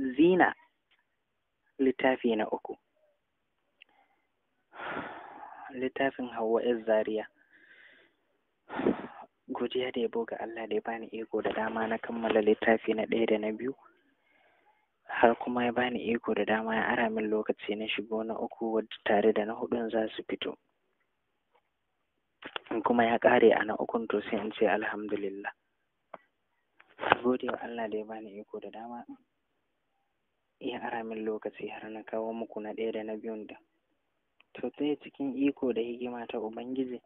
zina littafi na uku littafin hawa yar zaria godiya da yabo ga allah da ya bani iko da dama na kammala littafi na ɗaya da na biyu har kuma ya bani iko da dama ya ara min lokaci na shigo na uku wadda tare da na hudun za su fito in kuma ya ƙare a na ukun to sai in ce alhamdulillah gode wa allah da ya bani iko da dama ya ara min lokaci har na kawo muku na ɗaya da na biyun da to sai cikin iko da hikima ta ubangiji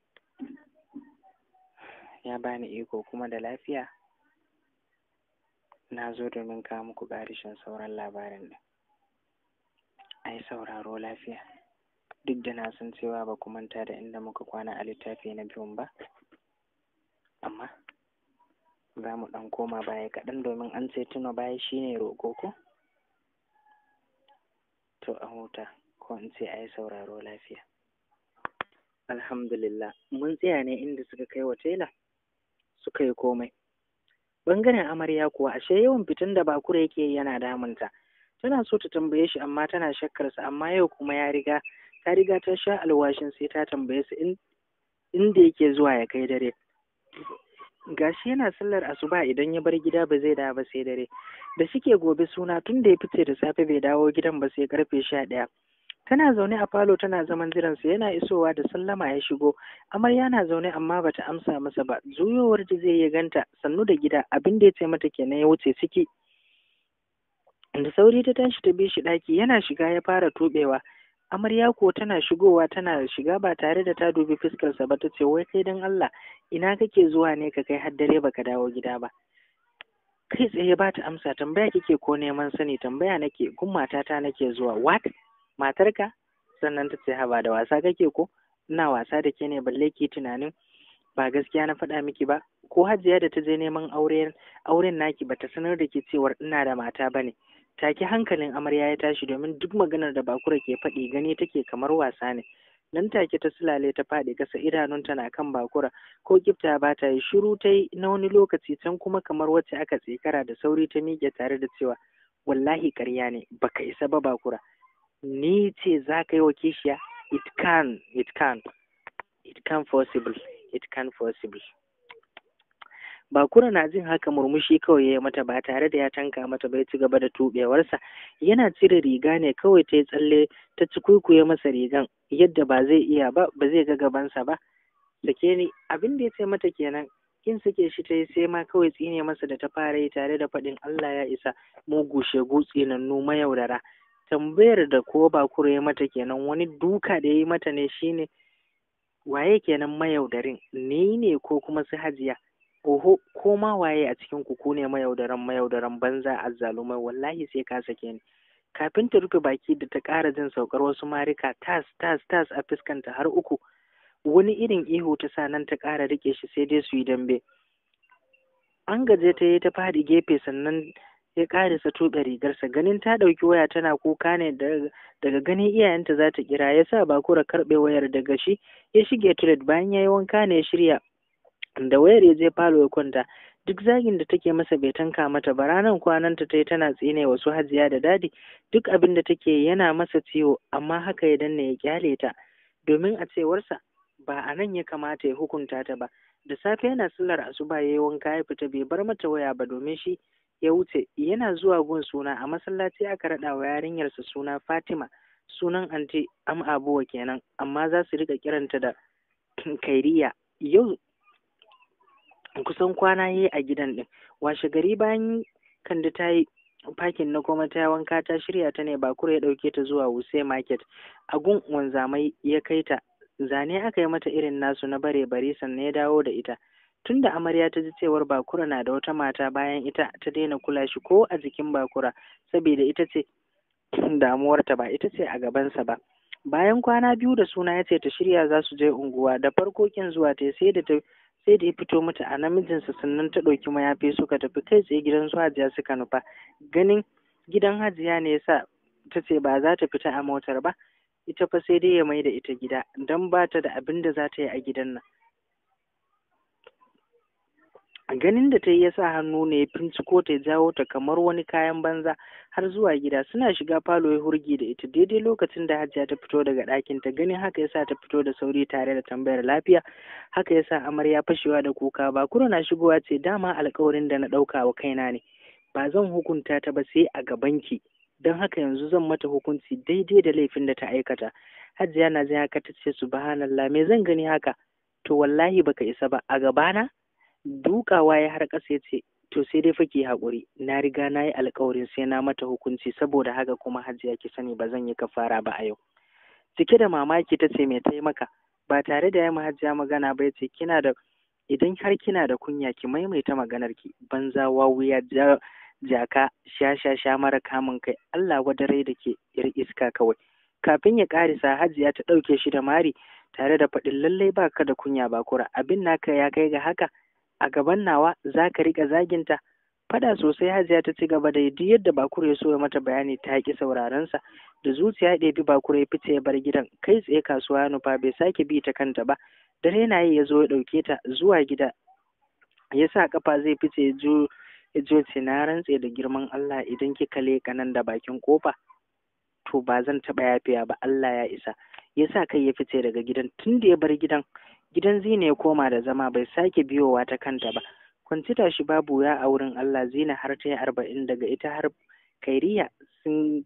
ya bani iko kuma da lafiya na zo domin kawo muku ƙarishin sauran labarin da ai sauraro lafiya duk da na san cewa ba ku manta da inda muka kwana a littafi na biyun ba amma za mu ɗan koma baya kaɗan domin an ce tuna baya shine roƙo ko to a huta ko in ce a yi sauraro lafiya alhamdulillah mun tsaya ne inda suka kai wa tela suka yi komai bangaren amarya kuwa ashe yawan fitan da bakura yake yana damunta tana so ta tambaye shi amma tana shakkarsa amma yau kuma ya riga ta riga ta sha alwashin sai ta tambaye su inda yake zuwa ya kai dare gashi yana sallar asuba idan ya bar gida ba zai dawo ba sai dare da suke gobe suna tun da ya fice da safe bai dawo gidan ba sai karfe sha ɗaya tana zaune a falo tana zaman jiransa yana isowa da sallama ya shigo amarya na zaune amma bata amsa masa ba Zuyowar da zai yi ganta sannu da gida abin da ya ce mata kenan ya wuce ciki da sauri ta tashi ta bi shi ɗaki yana shiga ya fara tuɓewa Amarya ko tana shigowa tana shiga ba tare da ta dubi fuskarsa ba ta ce wai kai dan Allah ina kake zuwa ne ka kai har dare baka dawo gida ba. Kai tsaye ba ta amsa tambaya kike ko neman sani tambaya nake kun matata nake zuwa what matarka sannan ta ce haba da wasa kake ko ina wasa da ke ne balle ki tunanin ba gaskiya na faɗa miki ba ko hajiya da ta je neman auren auren naki bata sanar da ke cewar ina da mata bane take hankalin amarya ya tashi domin duk maganar da bakura ke faɗi gani take kamar wasa ne nan take ta sulale ta faɗi ƙasa idanunta na kan bakura ko kifta ba ta yi shiru ta yi na wani lokaci can kuma kamar wacce aka tsikara da sauri ta miƙe tare da cewa wallahi ƙarya ne baka isa ba bakura ni ce za ka yi wa kishiya it can it can it can possible it can possible Bakura na jin haka murmushi kawai ya mata ba tare da ya tanka mata bai ci gaba da tuɓewarsa. Yana cire riga ne kawai ta yi tsalle ta ci kuikuye masa rigan yadda ba zai iya ba ba zai ga gabansa ba. Sake ni abin da ya ce mata kenan kin sake shi ta yi sai ma kawai tsine masa da ta fara yi tare da faɗin Allah ya isa mugu shegu tsinannu mayaudara. Tambayar da ko bakura ya mata kenan wani duka da ya yi mata ne shine waye kenan mayaudarin ni ne ko kuma su hajiya oho ko ma waye a cikin ku ku ne mayaudaran mayaudaran banza azzalumai wallahi sai ka sake ni kafin ta rufe baki da ta ƙara jin saukar wasu marika tas tas tas a fuskanta har uku wani irin ihu ta sa nan ta ƙara riƙe shi sai dai su yi dambe an gaje ta yi ta faɗi gefe sannan ya sa tuɓe rigarsa ganin ta ɗauki waya tana kuka ne daga ganin iyayenta za ta kira ya sa bakura karɓe wayar daga shi ya shige toilet bayan ya yi wanka ne ya shirya da wayar ya je falo ya kwanta duk zagin da take masa bai tanka mata ba ranar kwanan ta yi tana tsine wasu hajiya da dadi duk abin da take yana masa ciwo amma haka ya danna ya kyale ta domin a cewarsa ba a nan ya kamata ya hukunta ta ba da safe yana sallar asuba ya yi wanka ya fita bai bar mata waya ba domin shi ya wuce yana zuwa gun suna a masallaci aka raɗa wa yarinyarsa suna fatima sunan anti am abuwa kenan amma za su rika kiranta da kairiya yau kusan kwana yi a gidan din washe gari bayan kande ta yi fakin na goma ta wanka ta shirya ta ne bakura ya dauke ta zuwa wuse market a gun wanzamai ya kai ta zane aka yi mata irin nasu na bare bare sannan ya dawo da ita tunda amarya ta ji cewar bakura na da wata mata bayan ita ta daina kula shi ko a jikin bakura saboda ita ce damuwarta ba ita ce a gabansa ba bayan kwana biyu da suna ya ce ta shirya za su je unguwa da farko kin zuwa ta sai da ta sai da ya fito mata a namijinsa sannan ta ɗauki mayafi suka tafi kai tsaye gidan su hajiya suka nufa ganin gidan hajiya ne yasa ta ce ba za ta fita a motar ba ita fa sai dai ya mai da ita gida don ba ta da abin da za ta yi a gidan nan ganin da ta yi ya hannu ne ya ko ta jawo ta kamar wani kayan banza har zuwa gida suna shiga falo ya hurgi da ita daidai lokacin da hajiya ta fito daga ɗakin ta ganin haka yasa ta fito da sauri tare da tambayar lafiya haka yasa amarya fashewa da kuka ba kuro na shigowa ce dama alkawarin da na ɗauka wa kaina ne ba zan hukunta ta ba sai a gabanki don haka yanzu zan mata hukunci daidai da laifin da ta aikata hajiya na zai haka ta ce subhanallah me zan gani haka to wallahi baka isa ba a gabana dukawa ya har ƙasa ya ce to sai dai fa haƙuri na riga na yi alkawarin sai na mata hukunci saboda haka kuma hajiya ki sani ba zan yi kafara ba a yau cike da mamaki ta ce mai taimaka. ba tare da ya hajiya magana ba ya ce kina da idan har kina da kunya ki maimaita maganar ki banza wawuya jaka sha sha sha mara kamun kai Allah wadarai da ke ir iska kawai kafin ya karisa hajiya ta ɗauke shi da mari tare da faɗin lallai baka da kunya ba kura abin naka ya kai ga haka a gaban nawa za ka riƙa zaginta faɗa sosai hajiya ta ci gaba da yadda yadda bakure ya so ya mata bayani ta ki sauraron sa da zuciya ya ɗebi bakure ya fice ya bar gidan kai tsaye kasuwa ya nufa bai sake bi ta kanta ba dare na yi ya zo ya ɗauke ta zuwa gida Yasa sa kafa zai fice ya ju ya na rantse da girman Allah idan kika leƙa nan da bakin kofa to ba zan taɓa yafiya ba Allah ya isa ya sa kai ya fice daga gidan tun da ya bar gidan gidan zina ya koma da zama bai sake biyowa ta kanta ba kwancita shi babu ya a wurin allah zina har ta yi arba'in daga ita har kairiya sun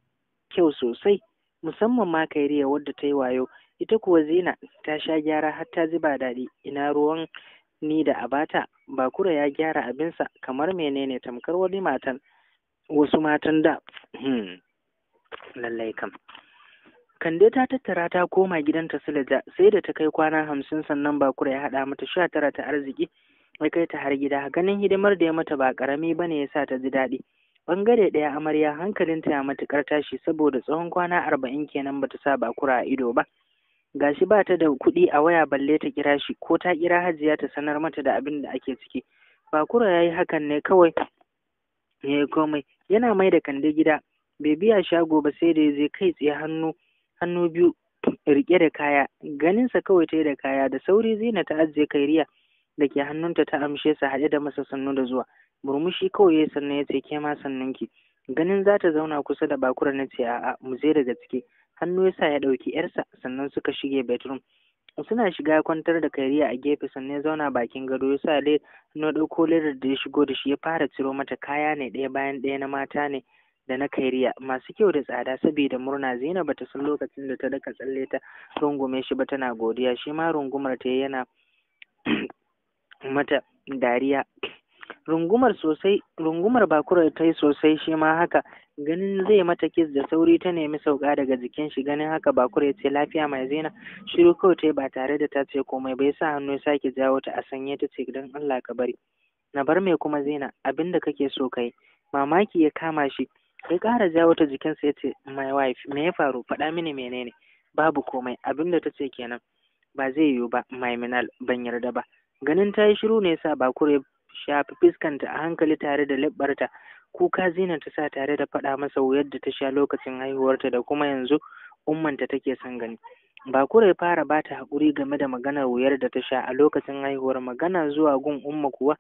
kyau sosai musamman ma kairiya wadda ta yi wayo ita kuwa zina ta sha gyara har ta zuba daɗi ina ruwan ni da abata bakura ya gyara abinsa kamar menene tamkar wani matan wasu matan da hmm, lallai kam Kande ta tattara ta koma gidanta Sulaja sai da ta kai kwana hamsin sannan Bakura ya haɗa mata sha tara ta arziki ya kai ta har gida ganin hidimar da ya mata ba ƙarami bane ya sa ta ji daɗi. Bangare ɗaya amarya hankalin ta ya matuƙar tashi saboda tsawon kwana arba'in kenan bata sa Bakura a ido ba. Gashi ba ta da kuɗi a waya balle ta kira shi ko ta kira Hajiya ta sanar mata da abin da ake ciki. Bakura ya yi hakan ne kawai ya yi komai yana mai da Kande gida bai biya shago ba sai da ya je kai tsaye hannu hannu biyu rike da kaya ganinsa kawai ta yi da kaya da sauri zina ta ajiye kairiya da ke hannunta ta amshe sa haɗe da masa sannu da zuwa murmushi kawai ya sannu ya ce ke ma sannunki ganin za ta zauna kusa da bakura na ce a'a mu je daga ciki hannu ya sa ya ɗauki yarsa sannan suka shige bedroom suna shiga kwantar da kairiya a gefe sannan ya zauna bakin gado ya sa na ɗauko ledar da ya shigo da shi ya fara ciro mata kaya ne ɗaya bayan ɗaya na mata ne da na kairiya masu kyau da tsada saboda murna zainab bata san lokacin da ta daka tsalle ta rungume shi ba tana godiya shi ma rungumar ta yana mata dariya rungumar sosai rungumar bakura ta yi sosai shi ma haka ganin zai mata kis da sauri ta nemi sauka daga jikin shi ganin haka bakura ya ce lafiya mai zaina shiru kawai ta ba tare da ta ce komai bai sa hannu ya sake jawo ta a sanye ta ce don allah ka bari na bar mai kuma zaina abin da kake so kai mamaki ya kama shi ya ƙara jawo ta jikinsa ya ce my wife me ya faru faɗa mini menene babu komai abin da ta ce kenan ba zai yiwu ba my minal ban yarda ba ganin ta yi shiru ne sa bakure ya shafi fuskanta a hankali tare da labbarta kuka zina ta sa tare da faɗa masa wuyar da ta sha lokacin haihuwarta da kuma yanzu ummanta take son gani bakure ya fara bata hakuri haƙuri game da maganar wuyar da ta sha a lokacin haihuwar magana zuwa gun umma kuwa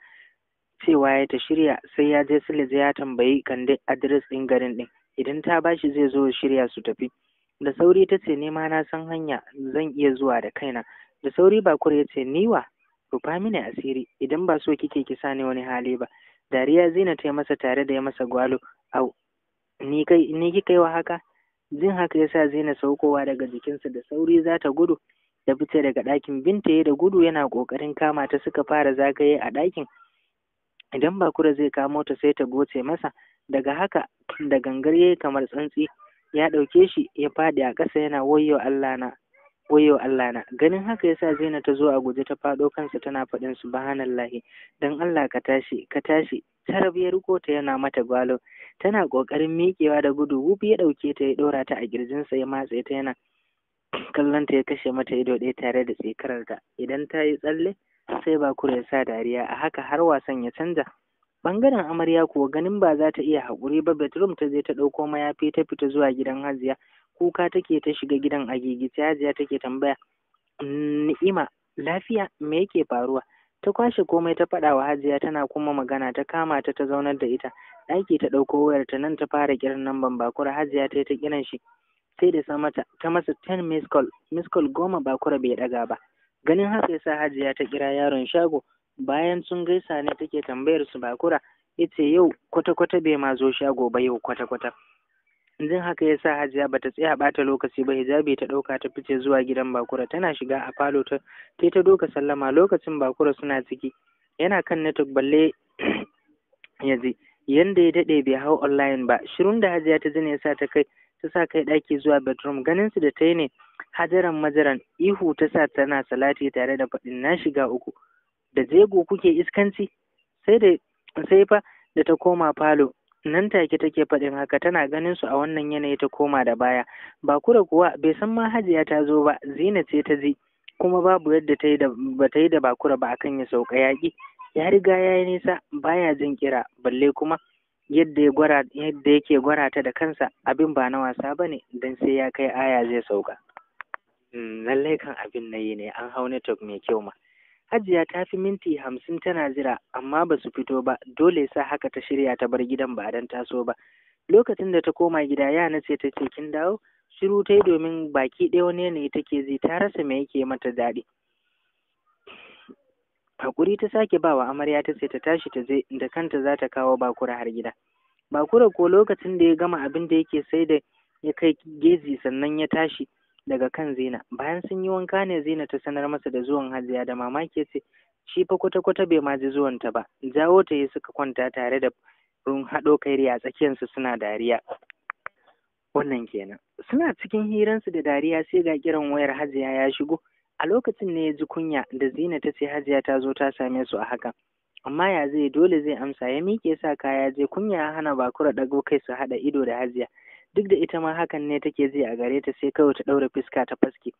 cewa ya ta shirya sai ya je Silija ya tambayi Kande adres ɗin garin ɗin. Idan ta bashi zai zo shirya su tafi. Da sauri ta ce nema na san hanya zan iya zuwa da kaina. Da sauri Bakur ya ce niwa rufa mini asiri idan ba so kike kisa ni wani hali ba. Dariya Zina ta yi masa tare da ya masa gwalo. Au, ni kai ni kika yi wa haka? Jin haka ya sa Zina saukowa daga jikinsa da sauri za ta gudu. Da fice daga ɗakin Binta ya da gudu yana ƙoƙarin kama ta suka fara zagaye a ɗakin. idan bakura zai kamo ta sai ta goce masa daga haka da gangar yayi kamar tsantsi ya ɗauke shi ya faɗi a ƙasa yana wayo Allah na wayo Allah na ganin haka yasa Zainab ta zo a guje ta faɗo kansa tana faɗin subhanallahi dan Allah ka tashi ka tashi tarab ya riko ta yana mata gwalo tana kokarin miƙewa da gudu wufi ya ɗauke ta ya ɗora ta a kirjinsa ya matse ta yana kallon ya kashe mata ido ɗaya tare da tsekararta idan ta yi tsalle sai bakura ya sa dariya a haka har wasan ya canza bangaren amarya kuwa ganin ba za ta iya haƙuri ba bedroom ta je ta ɗauko mayafi ta fita zuwa gidan hajiya kuka take ta shiga gidan a gigice hajiya take tambaya mm, ni'ima lafiya me yake faruwa ta kwashe komai ta faɗa wa hajiya tana kuma magana ta kama ta ta zaunar da ita ɗaki ta ɗauko wayar ta nan ta fara kiran namban bakura hajiya ta yi ta kiran shi sai da samata ta masa ten miss call miss call goma bakura bai ɗaga ba ganin haka yasa hajiya ta kira yaron shago bayan sun gaisa ne take tambayar su bakura yace yau kwata-kwata bai ma zo shago ba yau kwata-kwata jin haka yasa hajiya bata tsaya bata lokaci ba hijabi ta ɗauka ta fice zuwa gidan bakura tana shiga a falo ta ta ta doka sallama lokacin bakura suna ciki yana kan na balle yaji yanda ya dade bai hau online ba shirun da hajiya ta ji yasa ta kai ta kai ɗaki zuwa bedroom ganin su da ta yi ne hajaran majaran ihu ta sa tana salati tare da faɗin na shiga uku da jego kuke iskanci sai da sai fa da ta koma falo nan take take faɗin haka tana ganin su a wannan yanayi ta koma da baya ba kura kuwa bai san ma hajiya ta zo ba zina ce ta ji kuma babu yadda ta yi da ba ta yi da bakura ba akan ya sauka yaƙi ya riga ya yi nisa baya jin kira balle kuma yadda ya gwara yadda yake gwara ta da kansa abin ba na wasa bane dan sai ya kai aya zai sauka Mm, lallai kan abin na yi ne an hau network mai kyau ma hajiya ta fi minti hamsin tana jira amma ba su fito ba dole sa haka ta shirya ta bar gidan ba don taso ba lokacin da ta koma gida yana ce ta ce kin dawo shiru ta yi domin baki ɗaya wani yanayi take ji ta rasa me yake mata daɗi hakuri ta sake wa amarya ta ce ta tashi ta je da kanta za ta kawo bakura har gida bakura ko lokacin da ya gama abin da yake sai da ya kai geji sannan ya tashi daga kan Zina. Bayan sun yi wanka ne Zina ta sanar masa da zuwan Hajiya da mamaki ce shi fa kwata-kwata bai ma ji zuwanta ba. Jawo ta yi suka kwanta tare da run haɗo kairi a tsakiyarsu suna dariya. Wannan kenan. Suna cikin hiransu da dariya sai ga kiran wayar Hajiya ya shigo. A lokacin ne ya ji kunya da Zina ta ce Hajiya ta zo ta same su a haka Amma ya zai dole zai amsa ya miƙe sa kaya je kunya ya hana bakura ɗago kai su haɗa ido da Hajiya. duk da ita ma hakan ne take ji a gare ta sai kawai ta ɗaura fuska ta faske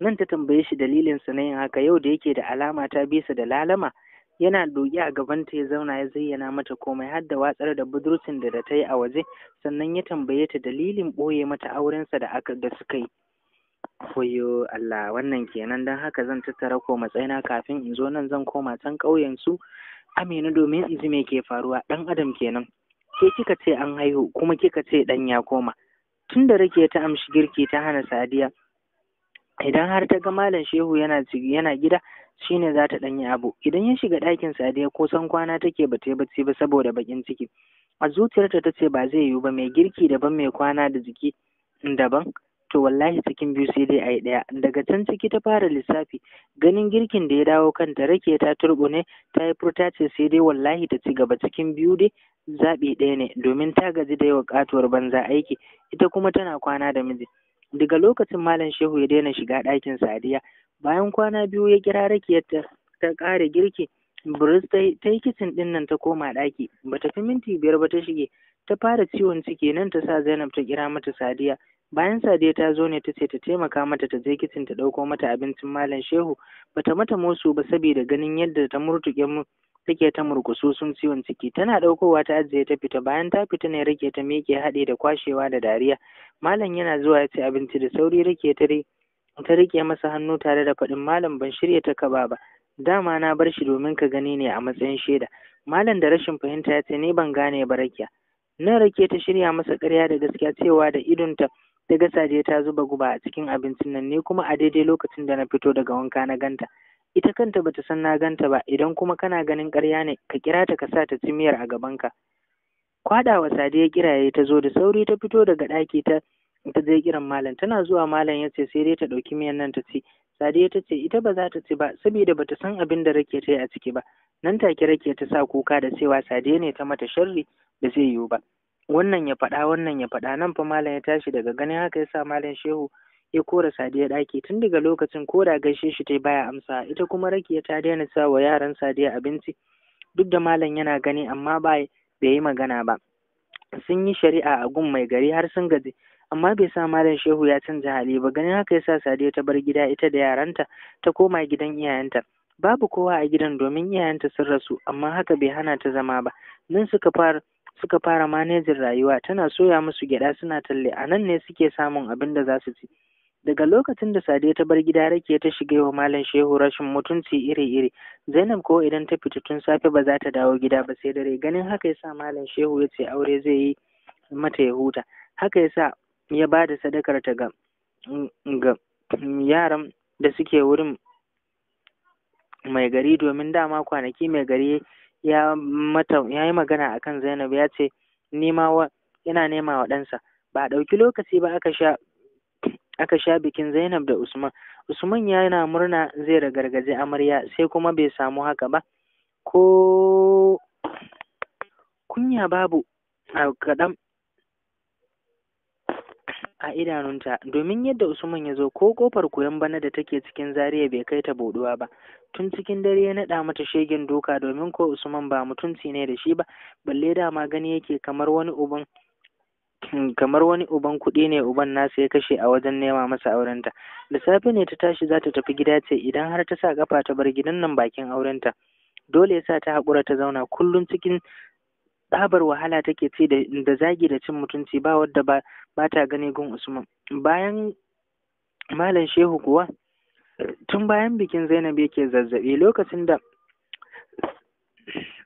nan ta tambaye shi dalilin sa na yin haka yau da yake da alama ta bisa da lalama yana doki a gaban ta ya zauna ya zayyana mata komai har da watsar da budurcin da da ta yi a waje sannan ya tambaye ta dalilin ɓoye mata aurensa da aka da suka yi koyo Allah wannan kenan don haka zan tattara ko matsayina kafin in zo nan zan koma can ƙauyen su Aminu domin in ji me ke faruwa ɗan adam kenan ke kika ce an haihu kuma kika ce ɗan ya koma tun da rake ta amshi girki ta hana sadiya idan har ta ga malam shehu yana yana gida shine za ta ɗanyi abu idan ya shiga ɗakin sadiya ko san kwana take ba ta bacci ba saboda bakin ciki a zuciyarta ta ce ba zai yiwu ba mai girki daban mai kwana da jiki daban to wallahi cikin biyu sai dai a yi ɗaya daga can ciki ta fara lissafi ganin girkin da ya dawo kanta rake ta turbune ta yi furta ce sai dai wallahi ta ci gaba cikin biyu dai zaɓi ɗaya ne domin ta gaji da yawa katuwar banza aiki ita kuma tana kwana da miji daga lokacin malam shehu ya daina shiga ɗakin sadiya bayan kwana biyu ya kira rake ta ta ƙara girki buris ta yi kicin ɗin nan ta koma ɗaki ba ta fi minti biyar ba ta shige ta fara ciwon ciki nan ta sa zainab ta kira mata sadiya bayan sadiya ta zo ne ta ce ta taimaka mata ta je kicin ta ɗauko mata abincin malam shehu bata mata musu ba saboda ganin yadda ta murtuke mu take ta murkususun ciwon ciki tana ɗaukowa ta ajiye ta fita bayan ta fita ne rike ta miƙe haɗe da kwashewa da dariya malam yana zuwa ya ci abinci da sauri rike ta ta rike masa hannu tare da faɗin malam ban shirya ta kaba ba dama na bar shi domin ka gani ne a matsayin shaida malam da rashin fahimta ya ce ni ban gane ba rakiya nan rake ta shirya masa ƙarya da gaskiya cewa da idonta da ga ta zuba guba a cikin abincin nan ne kuma a daidai lokacin da na fito daga wanka na ganta ita kanta bata san na ganta ba idan kuma kana ganin ƙarya ne ka kira ta ka sa ta ci miyar a gaban gabanka kwaɗawa Sadiya kiraye ta zo da sauri ta fito daga ɗaki ta ta je kiran malam tana zuwa malam ya ce sai dai ta ɗauki miyan nan ta ci Sadiya ta ce ita ba za ta ci ba saboda bata san abin da rake ta yi a ciki ba nan take rake ta sa kuka da cewa Sadiya ne ta mata sharri ba zai yiwu ba wannan ya faɗa wannan ya faɗa nan fa malam ya tashi daga ganin haka yasa malam shehu ya kora sadiya ɗaki tun daga lokacin ko da gaishe shi ta baya amsa ita kuma rakiya ta daina sa wa yaran sadiya abinci duk da malam yana gani amma ba bai yi magana ba sun yi shari'a a gun mai gari har sun gaji amma bai sa malam shehu ya canza hali ba ganin haka yasa sadiya ta bar gida ita da yaranta ta koma gidan iyayenta babu kowa a gidan domin iyayenta sun rasu amma haka bai hana ta zama ba nan suka fara suka fara manejin rayuwa tana soya musu gyaɗa suna talle a nan ne suke samun abin da za su ci daga lokacin da sadiya ta bar gida rake ta shiga wa malam shehu rashin mutunci iri-iri zainab ko idan ta fita tun safe ba za ta dawo gida ba sai dare ganin haka ya sa malam shehu ya ce aure zai yi mata ya huta haka ya sa ya ba da sadakar ta ga yaran da suke wurin mai gari domin dama kwanaki mai gari ya mata ya yi magana akan Zainab ya ce nema wa yana nema wa ɗansa ba a ɗauki lokaci ba aka sha aka sha bikin Zainab da Usman Usman yana murna zai ragargaje amarya sai kuma bai samu haka ba ko kunya babu a kaɗan a idanunta domin yadda Usman ya zo ko kofar koyon bana da take cikin zariya bai kai ta boduwa ba tun cikin dare ya naɗa mata shegen doka domin ko Usman ba mutunci ne da shi ba balle dama gani yake kamar wani uban kamar wani uban kuɗi ne uban nasa ya kashe a wajen nema masa aurenta da safe ne ta tashi za ta tafi gida ce idan har ta sa kafa ta bar gidan nan bakin aurenta dole ya sa ta haƙura ta zauna kullum cikin tsabar wahala take ce da zagi da cin mutunci ba wadda ba ta gani gun usman bayan malam shehu kuwa tun bayan bikin zainab yake zazzabi lokacin da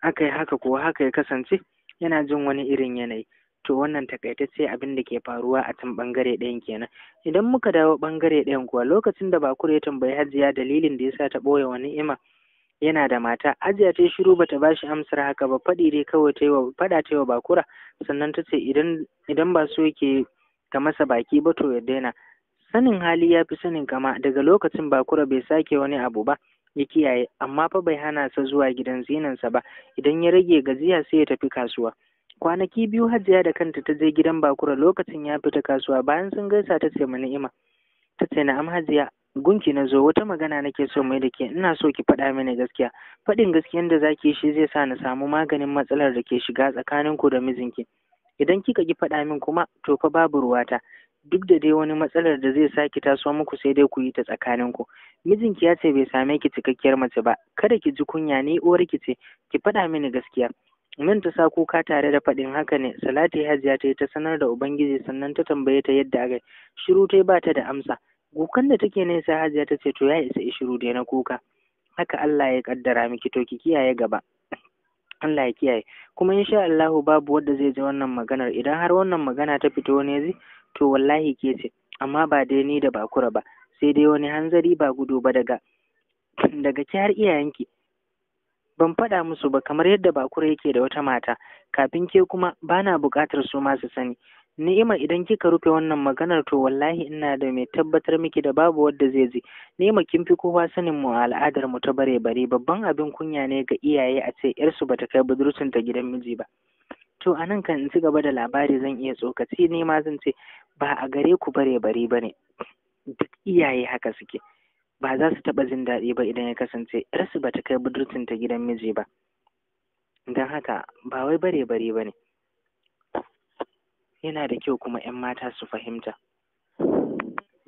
aka yi haka kuwa haka ya kasance yana jin wani irin yanayi to wannan takaitacce abin da ke faruwa a can bangare ɗayan kenan idan muka dawo bangare ɗayan kuwa lokacin da bakure ya tambayi hajiya dalilin da yasa ta ɓoye wani ima yana da mata ajiya ta yi shiru bata ba shi amsar haka ba faɗi dai kawai ta yi wa faɗa ta yi wa bakura sannan ta ce idan idan ba so yake ka masa baki ba to ya daina sanin hali ya fi sanin kama daga lokacin bakura bai sake wani abu ba ya kiyaye amma fa bai hana sa zuwa gidan zinansa ba idan ya rage gajiya sai ya tafi kasuwa kwanaki biyu hajiya da kanta ta je gidan bakura lokacin ya fita kasuwa bayan sun gaisa ta ce ni'ima ta ce na'am hajiya gunki na zo wata magana nake so mai da ke ina so ki faɗa mini gaskiya faɗin gaskiyan da zaki shi zai sa na samu maganin matsalar da ke shiga tsakanin ku da mijinki idan kika ki faɗa min kuma to fa babu ruwata duk da dai wani matsalar da zai saki taso muku sai dai ku yi ta tsakanin ku mijinki ya ce bai same ki cikakkiyar mace ba kada ki ji kunya ne uwar ki ce ki faɗa mini gaskiya nan ta sa kuka tare da faɗin haka ne salati hajiya ta yi ta sanar da ubangiji sannan ta tambaye ta yadda aka shiru ta ba ta da amsa Gukan da take nesa Hajiya ta ce to ya isa ishiru dai na kuka. Haka Allah ya kaddara miki to ki kiyaye gaba. Allah ya kiyaye. Kuma insha Allahu babu wadda zai ji wannan maganar idan har wannan magana ta fito ne zai to wallahi ke ce amma ba dai ni da bakura ba sai dai wani hanzari ba gudu ba daga daga ki har iyayenki. Ban faɗa musu ba kamar yadda bakura yake da wata mata kafin ke kuma bana buƙatar su masu sani. Ni'ima idan kika rufe wannan maganar to wallahi ina da mai tabbatar miki da babu wadda zai ji. Ni'ima kin fi kowa sanin mu a al'adar mu ta bare bare babban abin kunya ne ga iyaye a ce yar su bata kai budurcin ta gidan miji ba. To anan kan in ci gaba da labari zan iya tsokaci ne ma zan ce ba a gare ku bare bare bane. Duk iyaye haka suke. Ba za su taɓa jin daɗi ba idan ya kasance ‘yarsu ba ta kai budurcin ta gidan miji ba. Don haka ba wai bare bare ba ne. yana da kyau kuma 'yan mata su fahimta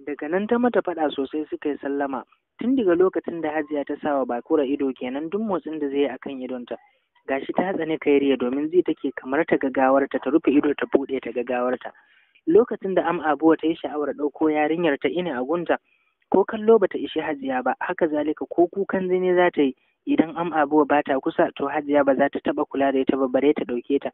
daga nan ta mata faɗa sosai suka yi sallama tun daga lokacin da hajiya ta sawa bakura ido kenan duk motsin da zai yi akan idonta gashi ta tsani kairiya domin zai take kamar ta gagawarta ta rufe ido ta buɗe ta gagawarta lokacin da am abuwa ta yi sha'awar ɗauko yarinyar ta ina a gunta ko kallo ba ta ishi hajiya ba haka zalika ko kukan jini za ta yi idan am abuwa ba ta kusa to hajiya ba za ta taɓa kula da ita ba bare ta ɗauke ta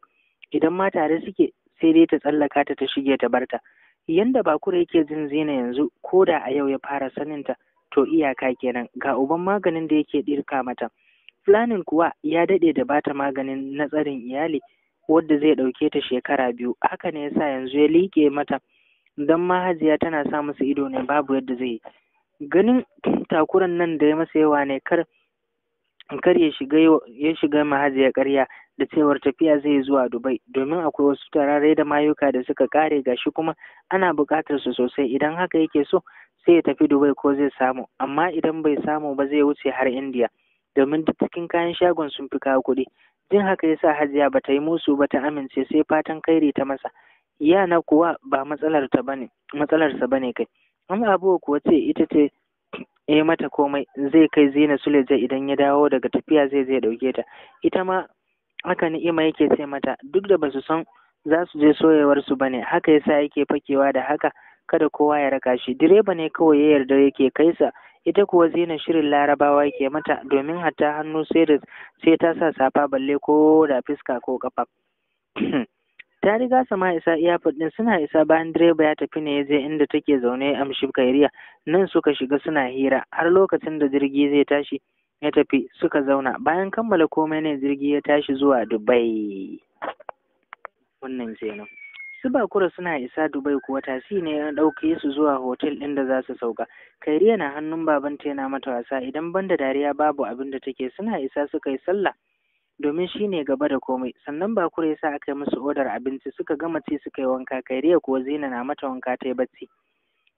idan ma tare suke sai dai ta tsallaka ta ta shige ta barta yanda kura yake jin zina yanzu ko da a yau ya fara sanin ta to iyaka kenan ga uban maganin da yake ɗirka mata fulanin kuwa ya dade da bata maganin na tsarin iyali wadda zai ɗauke ta shekara biyu haka ne yasa yanzu ya liƙe mata don mahajiya tana sa musu ido ne babu yadda zai yi ganin takuran nan da ya masa yawa ne kar kar ya shiga ya shiga mahajiya ƙarya da cewar tafiya zai zuwa Dubai domin akwai wasu turare da mayuka da suka kare gashi kuma ana buƙatar su sosai idan haka yake so sai ya tafi Dubai ko zai samu amma idan bai samu ba zai wuce har Indiya. domin duk cikin kayan shagon sun fi kawo kuɗi jin haka yasa Hajiya ba ta yi musu ba ta amince sai fatan kairi ta masa yana kuwa ba matsalar ba ne matsalar sa bane kai amma abuwa kuwa ce ita ce Eh, mata komai zai kai zina suleja idan ya dawo daga tafiya zai zai ɗauke ta ita ma haka ni'ima yake sai mata duk da basu san za su je soyewar su bane haka yasa yake fakewa da haka kada kowa ya raka shi direba ne kawai ya yarda yake kaisa ita kuwa zina shirin larabawa yake mata domin hatta hannu sai da sai ta sa safa balle ko da fiska ko kafa ta riga su ma isa airport din suna isa bayan direba ya tafi ne ya je inda take zaune amshi kairiya nan suka shiga suna hira har lokacin da jirgi zai tashi ya tafi suka zauna bayan kammala komai ne jirgi ya tashi zuwa dubai wannan kenan su bakura suna isa dubai kuwa tasi ne ya ɗauke su zuwa hotel ɗin da za su sauka kairiya na hannun babanta yana mata wasa idan banda dariya babu abin da take suna isa suka yi sallah domin shi ne gaba da komai sannan bakura ya sa aka yi musu odar abinci suka gama ci suka yi wanka riya kuwa zina na mata wanka ta yi bacci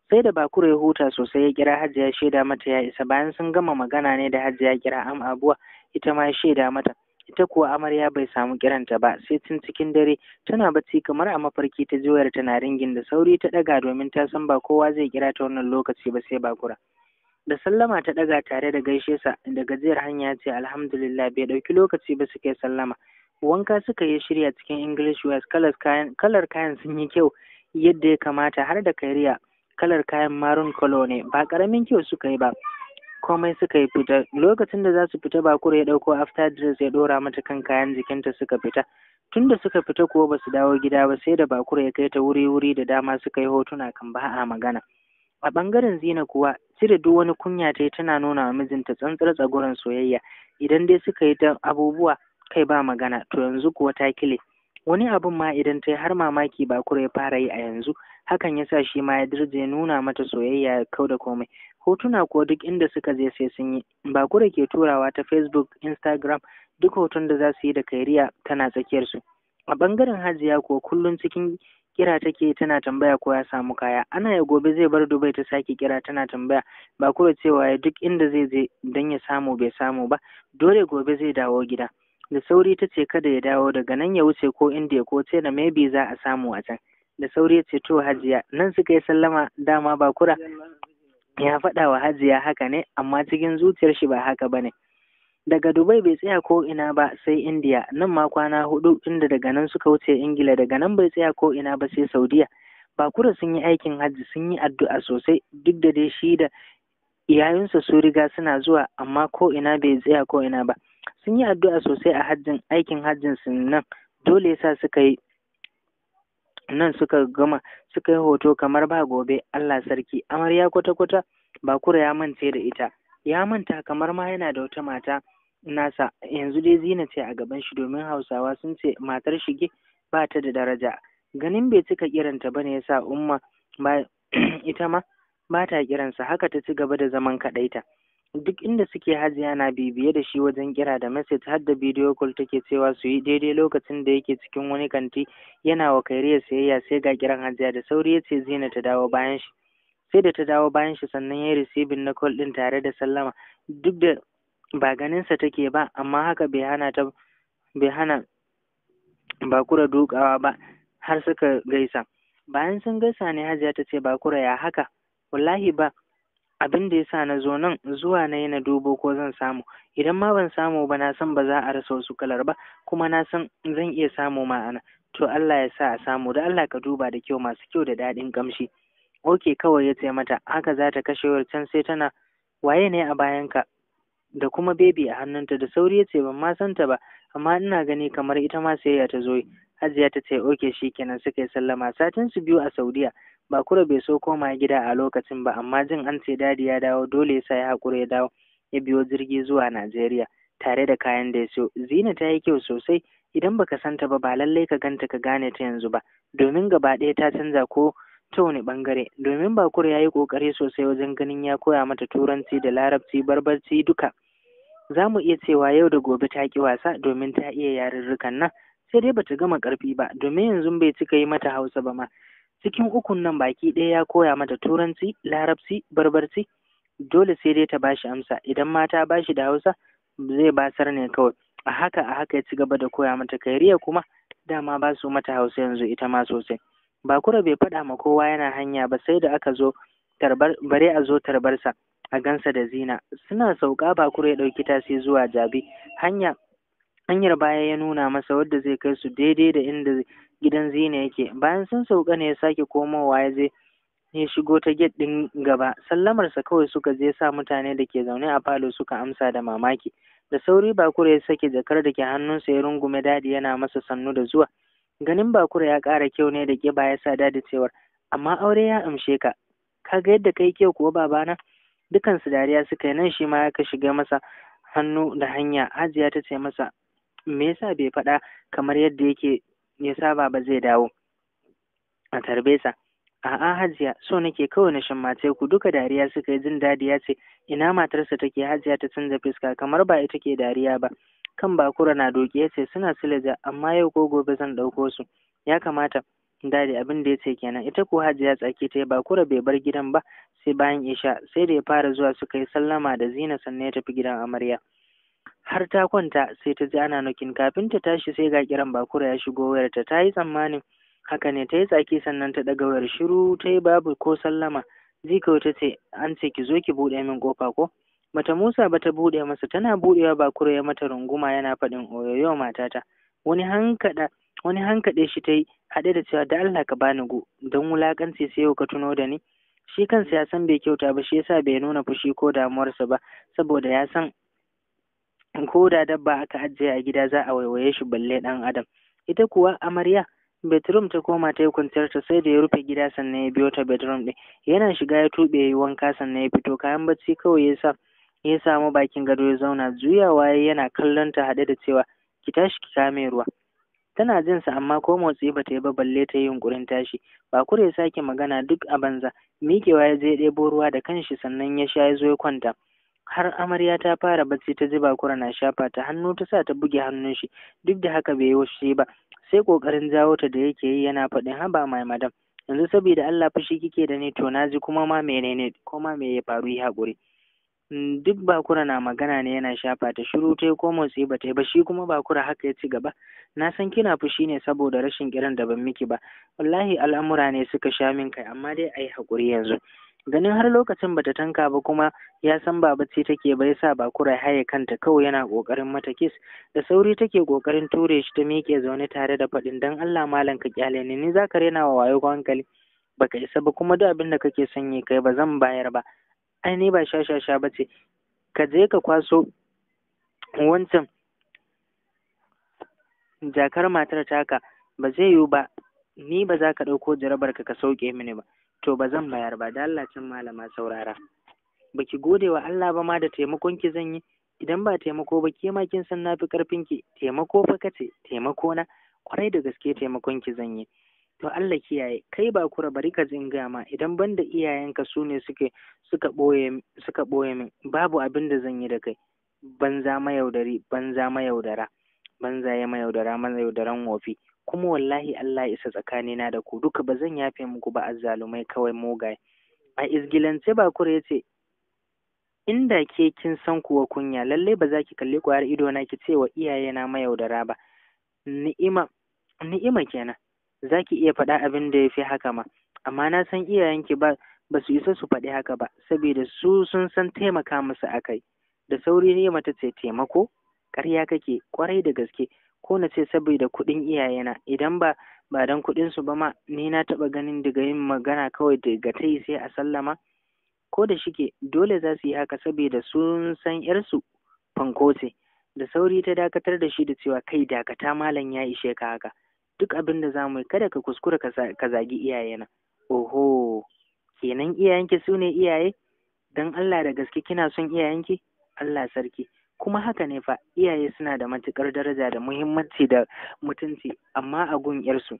sai da bakura ya huta sosai ya kira hajiya shaida mata ya isa bayan sun gama magana ne da hajiya kira am abuwa ita ma shaida mata ita kuwa amarya bai samu kiranta ba sai tun cikin dare tana bacci kamar a mafarki ta ji wayar tana ringin da sauri ta ɗaga domin ta san ba kowa zai kira ta wannan lokaci ba sai bakura da sallama ta ɗaga tare da gaishe sa da gajiyar hanya ce alhamdulillah bai ɗauki lokaci ba suka sallama wanka suka yi shirya cikin english west kalar kayan sun yi kyau yadda ya kamata har da kariya kalar kayan maroon color ne ba karamin kyau suka yi ba komai suka yi fita lokacin da za su fita bakura ya ɗauko after dress ya ɗora mata kan kayan jikinta suka fita tunda suka fita kuwa ba su dawo gida ba sai da bakura ya kai ta wuri wuri da dama suka yi hotuna kan ba a magana A ɓangaren Zina kuwa, cire duk wani kunya ta yi tana nuna wa mijinta tsantsar tsaguran soyayya, idan dai suka yi ta abubuwa kai ba magana, to yanzu kuwa ta kile. Wani abin ma idan ta yi har mamaki Bakura ya fara yi a yanzu, hakan ya sa shi ma ya dirje nuna mata soyayya kau da komai. Hotuna kuwa duk inda suka je sai sun yi, Bakura ke turawa ta Facebook, Instagram, duk hoton da za su yi da Kairiya tana tsakiyarsu. A ɓangaren Hajiya kuwa kullum cikin kira take tana tambaya ko ya samu kaya ana ya gobe zai bar dubai ta sake kira tana tambaya ba kura cewa ya duk inda zai je dan ya samu bai samu ba dole gobe zai dawo gida da sauri ta ce kada ya dawo daga nan ya wuce ko inda ko ce da maybe za a samu a can da sauri ya ce to hajiya nan suka yi sallama dama ba kura ya faɗa wa hajiya haka ne amma cikin zuciyar shi ba haka ba ne. Daga Dubai bai tsaya ko ina ba sai India, nan ma kwana hudu inda daga nan suka wuce Ingila, daga nan bai tsaya ko ina ba sai Saudiya. Bakura sun yi aikin hajji sun yi addu'a sosai duk da dai shi da iyayensa su riga suna zuwa amma ko ina bai tsaya ko ina ba. Sun yi addu'a sosai a hajjin aikin hajjin su nan dole yasa suka yi nan suka gama suka yi hoto kamar ba gobe Allah sarki amarya kwata-kwata bakura ya mance da ita ya manta kamar ma yana da wata mata nasa yanzu dai zina ce a gaban shi domin hausawa sun ce matar shige ba ta da daraja ganin bai cika kiranta ba bane sa umma ba ita ma ba ta kiransa haka ta ci gaba da zaman ta. duk inda suke hajiya na bibiye da shi wajen kira da message har da bidiyo call take cewa su yi daidai lokacin da yake cikin wani kanti yana wa kairiya sayayya sai ga kiran hajiya da sauri ya ce zina ta dawo bayan shi sai da ta dawo bayan shi sannan ya yi receiving na call din tare da sallama duk da ba ganinsa take ba amma haka bai hana ta bai hana bakura dukawa ba har suka gaisa bayan sun gaisa ne hajiya ta ce bakura ya haka wallahi ba abin da yasa na zo nan zuwa na yi na dubo ko zan samu idan ma ban samu ba na san ba za a rasa wasu kalar ba kuma na san zan iya samu ma'ana to Allah ya sa a samu da Allah ka duba da kyau masu kyau da daɗin kamshi oke kawai ya ce mata haka za ta kashe can sai tana waye ne a bayanka da kuma bebi a hannunta da sauri ya ce ban ma san ta ba amma ina gani kamar ita ma sayayya ta zo hajiya ta ce oke shikenan suka yi sallama satin su biyu a saudiya bakura bai so koma gida a lokacin ba amma jin an ce dadi ya dawo dole ya sa ya haƙura ya dawo ya biyo jirgi zuwa najeriya tare da kayan da ya siyo zina ta yi kyau sosai idan baka ta ba ba lallai ka ganta ka gane ta yanzu ba domin gaba ɗaya ta canza ko ta wani bangare domin Bakura ya yi ƙoƙari sosai wajen ganin ya koya mata turanci da larabci barbarci duka za mu iya cewa yau da gobe ta ƙi wasa domin ta iya yarurrukan nan sai dai bata gama ƙarfi ba domin yanzu bai cika yi mata hausa ba ma cikin ukun nan baki ɗaya ya koya mata turanci larabci barbarci dole sai dai ta bashi amsa idan ma ta bashi da hausa zai basar ne kawai a haka a haka ya ci gaba da koya mata kairiya kuma dama ba su mata hausa yanzu ita ma sosai bakura bai faɗa ma kowa yana hanya ba sai da aka zo tarbar bare a zo tarbarsa a gansa da zina suna sauka bakura ya ɗauki tasi zuwa jabi hanya hanyar baya ya nuna masa wadda zai kai su daidai da inda gidan zina yake bayan sun sauka ne ya sake komowa ya je ya shigo ta gate ɗin gaba sallamarsa kawai suka je sa mutane da ke zaune a falo suka amsa da mamaki da sauri bakura ya sake jakar da ke hannunsa ya rungume dadi yana masa sannu da zuwa ganin bakura ya ƙara kyau ne da ƙiba ya sa dadi cewar amma aure ya amshe ka ka ga yadda kai kyau kuwa babana dukansu dariya suka yi nan shi ma aka shiga masa hannu da hanya hajiya ta ce masa me yasa bai faɗa kamar yadda yake ya saba ba zai dawo a tarbe sa a'a hajiya so nake kawai na shammace ku duka dariya suka yi jin dadi ya ce ina matarsa take hajiya ta canza fuska kamar ba ita ke dariya ba kan bakura na doki ya ce suna silaja amma yau ko gobe zan ɗauko su ya kamata dadi abin da ya ce kenan ita ko hajiya tsaki ta yi bakura bai bar gidan ba sai bayan isha sai da ya fara zuwa suka yi sallama da zina sannan ya tafi gidan amarya har ta kwanta sai ta ji ana nokin kafin ta tashi sai ga kiran bakura ya shigo wayarta ta yi tsammanin haka ne ta yi tsaki sannan ta daga wayar shiru ta yi babu ko sallama zika ta ce an ce ki zo ki buɗe min kofa ko bata musa ba ta buɗe masa tana buɗewa bakura ya mata runguma yana faɗin oyoyo matata wani hankada wani hankaɗe shi ta yi haɗe da cewa da Allah ka bani go don wulakanci sai yau ka tuno da ni shi kansa ya san bai kyauta ba shi yasa bai nuna fushi ko damuwarsa ba saboda ya san ko da dabba aka ajiye a gida za a waiwaye shi balle ɗan adam ita kuwa amarya bedroom ta koma ta yi kwanciyar ta sai da ya rufe gida sannan ya biyo ta bedroom ɗin yana shiga ya tuɓe ya yi wanka sannan ya fito kayan bacci kawai ya sa ya samu bakin gado ya zauna juyawa yana kallon ta haɗe da cewa ki tashi ki kame ruwa tana jin sa amma ko motsi ba ta yi ba balle ta yi yunkurin tashi ba ya sake magana duk a banza miƙewa ya je ɗebo ruwa da kanshi sannan ya sha ya zo ya kwanta har amarya ta fara bacci ta ji bakura na shafa ta hannu ta sa ta buge hannun shi duk da haka bai yi ba sai kokarin jawo ta da yake yi yana faɗin haba mai madam yanzu saboda Allah fushi kike da ni to naji kuma ma menene ko ma me ya faru yi haƙuri Mm, duk bakura na magana ne yana shafa ta shiru ta ko motsi ba ta ba shi kuma bakura haka ya ci gaba na san kina fushi ne saboda rashin kiran da ban miki ba wallahi al'amura ne suka sha min kai amma dai ai hakuri yanzu ganin har lokacin bata tanka ba kuma ya san ba bacci take ba yasa bakura ya haye kanta kawai yana kokarin mata kiss da sauri take kokarin ture shi ta miƙe zaune tare da faɗin dan Allah malam ka kyale ni ni zaka rena wa wayo hankali baka isa ba kuma duk abin da kake sanye kai ba zan bayar ba ai ni ba shashasha ba ce ka je ka kwaso wancan jakar matar taka ba zai yiwu ba ni ba za ka ɗauko jarabarka ka sauke mini ba to ba zan bayar ba da Allah can malama saurara baki gode wa Allah ba ma da taimakon ki zan yi idan ba taimako ba ke ma kin san na fi karfin ki taimako fa kace taimako na kwarai da gaske taimakon ki zan yi to Allah kiyaye kai ba kura bari ka zinga ma idan banda iyayenka su ne suke suka boye suka boye min babu abin da zan yi da kai banza ma yaudara mayaudara banza ya mayaudara yaudaran wofi kuma wallahi Allah isa na da ku duka ba zan yafe muku ba azzalumai kawai mugaye a izgilance ba kura yace ce inda ke kin san kuwa kunya lalle ba za ki kalli kwayar ido na ki ce wa iyayena mayaudara ba ni'ima ni'ima kenan za ki iya faɗa abin da ya fi haka ma amma na san iyayenki ba ba su isa su faɗi haka ba saboda su sun san taimaka musu kai. da sauri ne mata ce taimako ƙarya kake ƙwarai da gaske ko na ce saboda kuɗin iyaye na? idan ba ba dan kuɗin su ba ma ni na taɓa ganin daga yin magana kawai daga ta yi sai a sallama ko da shike dole za su yi haka saboda sun san yarsu fanko da sauri ta dakatar da shi da cewa kai dakata malam ya ishe ka haka duk abin da za yi kada ka kuskura ka zagi iyayena oho kenan iyayenki su ne iyaye dan Allah da gaske kina son iyayenki Allah sarki kuma haka ne fa iyaye suna da matukar daraja da muhimmanci da mutunci amma a gun yarsu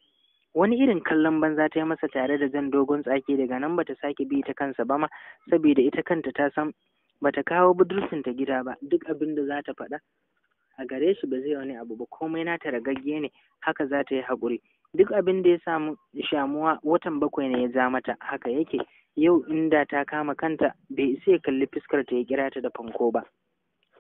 wani irin kallon banza ta yi masa tare da jan dogon tsaki daga nan bata sake bi ta kansa ba ma saboda ita kanta ta san bata kawo ta gida ba duk abin da za ta faɗa a gare shi ba zai wani abu ba komai na ta ragagge ne haka za ta yi haƙuri duk abin da ya samu shamuwa watan bakwai ne ya za mata haka yake yau inda ta kama kanta bai isa ya kalli fuskar ta ya kira ta da fanko ba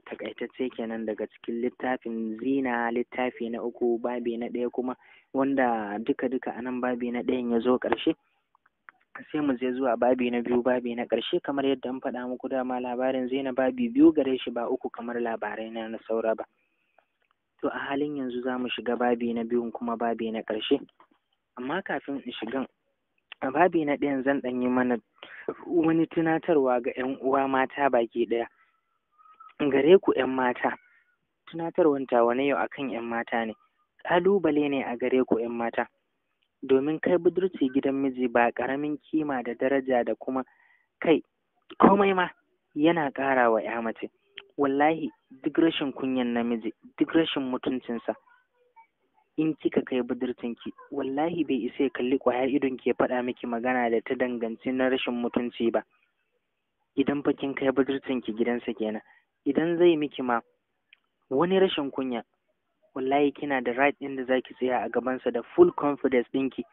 takaitacce kenan daga cikin littafin zina littafi na uku babi na ɗaya kuma wanda duka duka a nan babi na ɗayan ya zo ƙarshe sai mu je zuwa babi na biyu babi na ƙarshe kamar yadda an faɗa muku dama labarin zina babi biyu gare shi ba uku kamar labarai na na saura ba to a halin yanzu za mu shiga babi na biyun kuma babi na ƙarshe amma kafin in shiga a babi na ɗayan zan ɗan yi mana wani tunatarwa ga 'yan uwa mata baki ɗaya gare ku 'yan mata tunatarwan tawa na yau akan 'yan mata ne ƙalubale ne a gare ku 'yan mata domin kai budurci gidan miji ba ƙaramin kima da daraja da kuma kai komai ma yana ƙara wa 'ya mace wallahi duk rashin kunyan namiji duk rashin mutuncinsa in kika kai budurcinki wallahi bai isa ya kalli kwaya idon ke faɗa miki magana da ta danganci na rashin mutunci ba idan fa kin kai budurcinki gidansa kenan idan zai miki ma wani rashin kunya wallahi kina da right ɗin da zaki tsaya a gabansa da full confidence ɗinki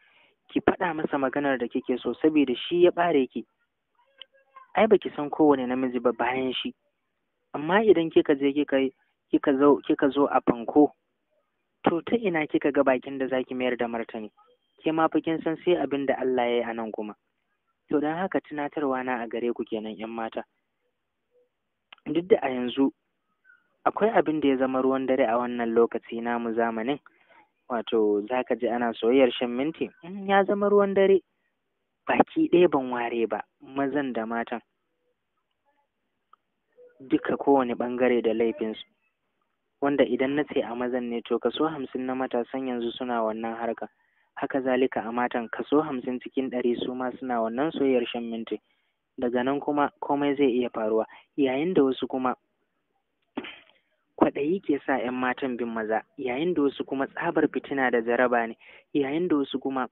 ki faɗa masa maganar da kike so saboda shi ya ɓare ki ai baki san kowane namiji ba bayan shi amma idan kika je kika kika zo kika zo a fanko to ta ina kika ga bakin da zaki mayar da martani ke ma fa kin san sai abin da Allah ya yi anan kuma to don haka tunatarwa na a gare ku kenan yan mata duk da a yanzu akwai abin da ya zama ruwan dare a wannan lokaci namu zamanin wato zaka ji ana soyayyar shan minti mm, ya zama ruwan dare baki ɗaya ban ware ba mazan da matan duka kowane bangare da laifinsu wanda idan na ce a mazan ne to kaso hamsin na matasan yanzu suna wannan harka haka zalika a matan kaso hamsin cikin ɗari su ma suna wannan soyayyar shan minti daga nan kuma komai zai iya faruwa yayin da wasu kuma kwaɗayi ke sa 'yan matan bin maza yayin da wasu kuma tsabar fitina da jaraba ne yayin da wasu kuma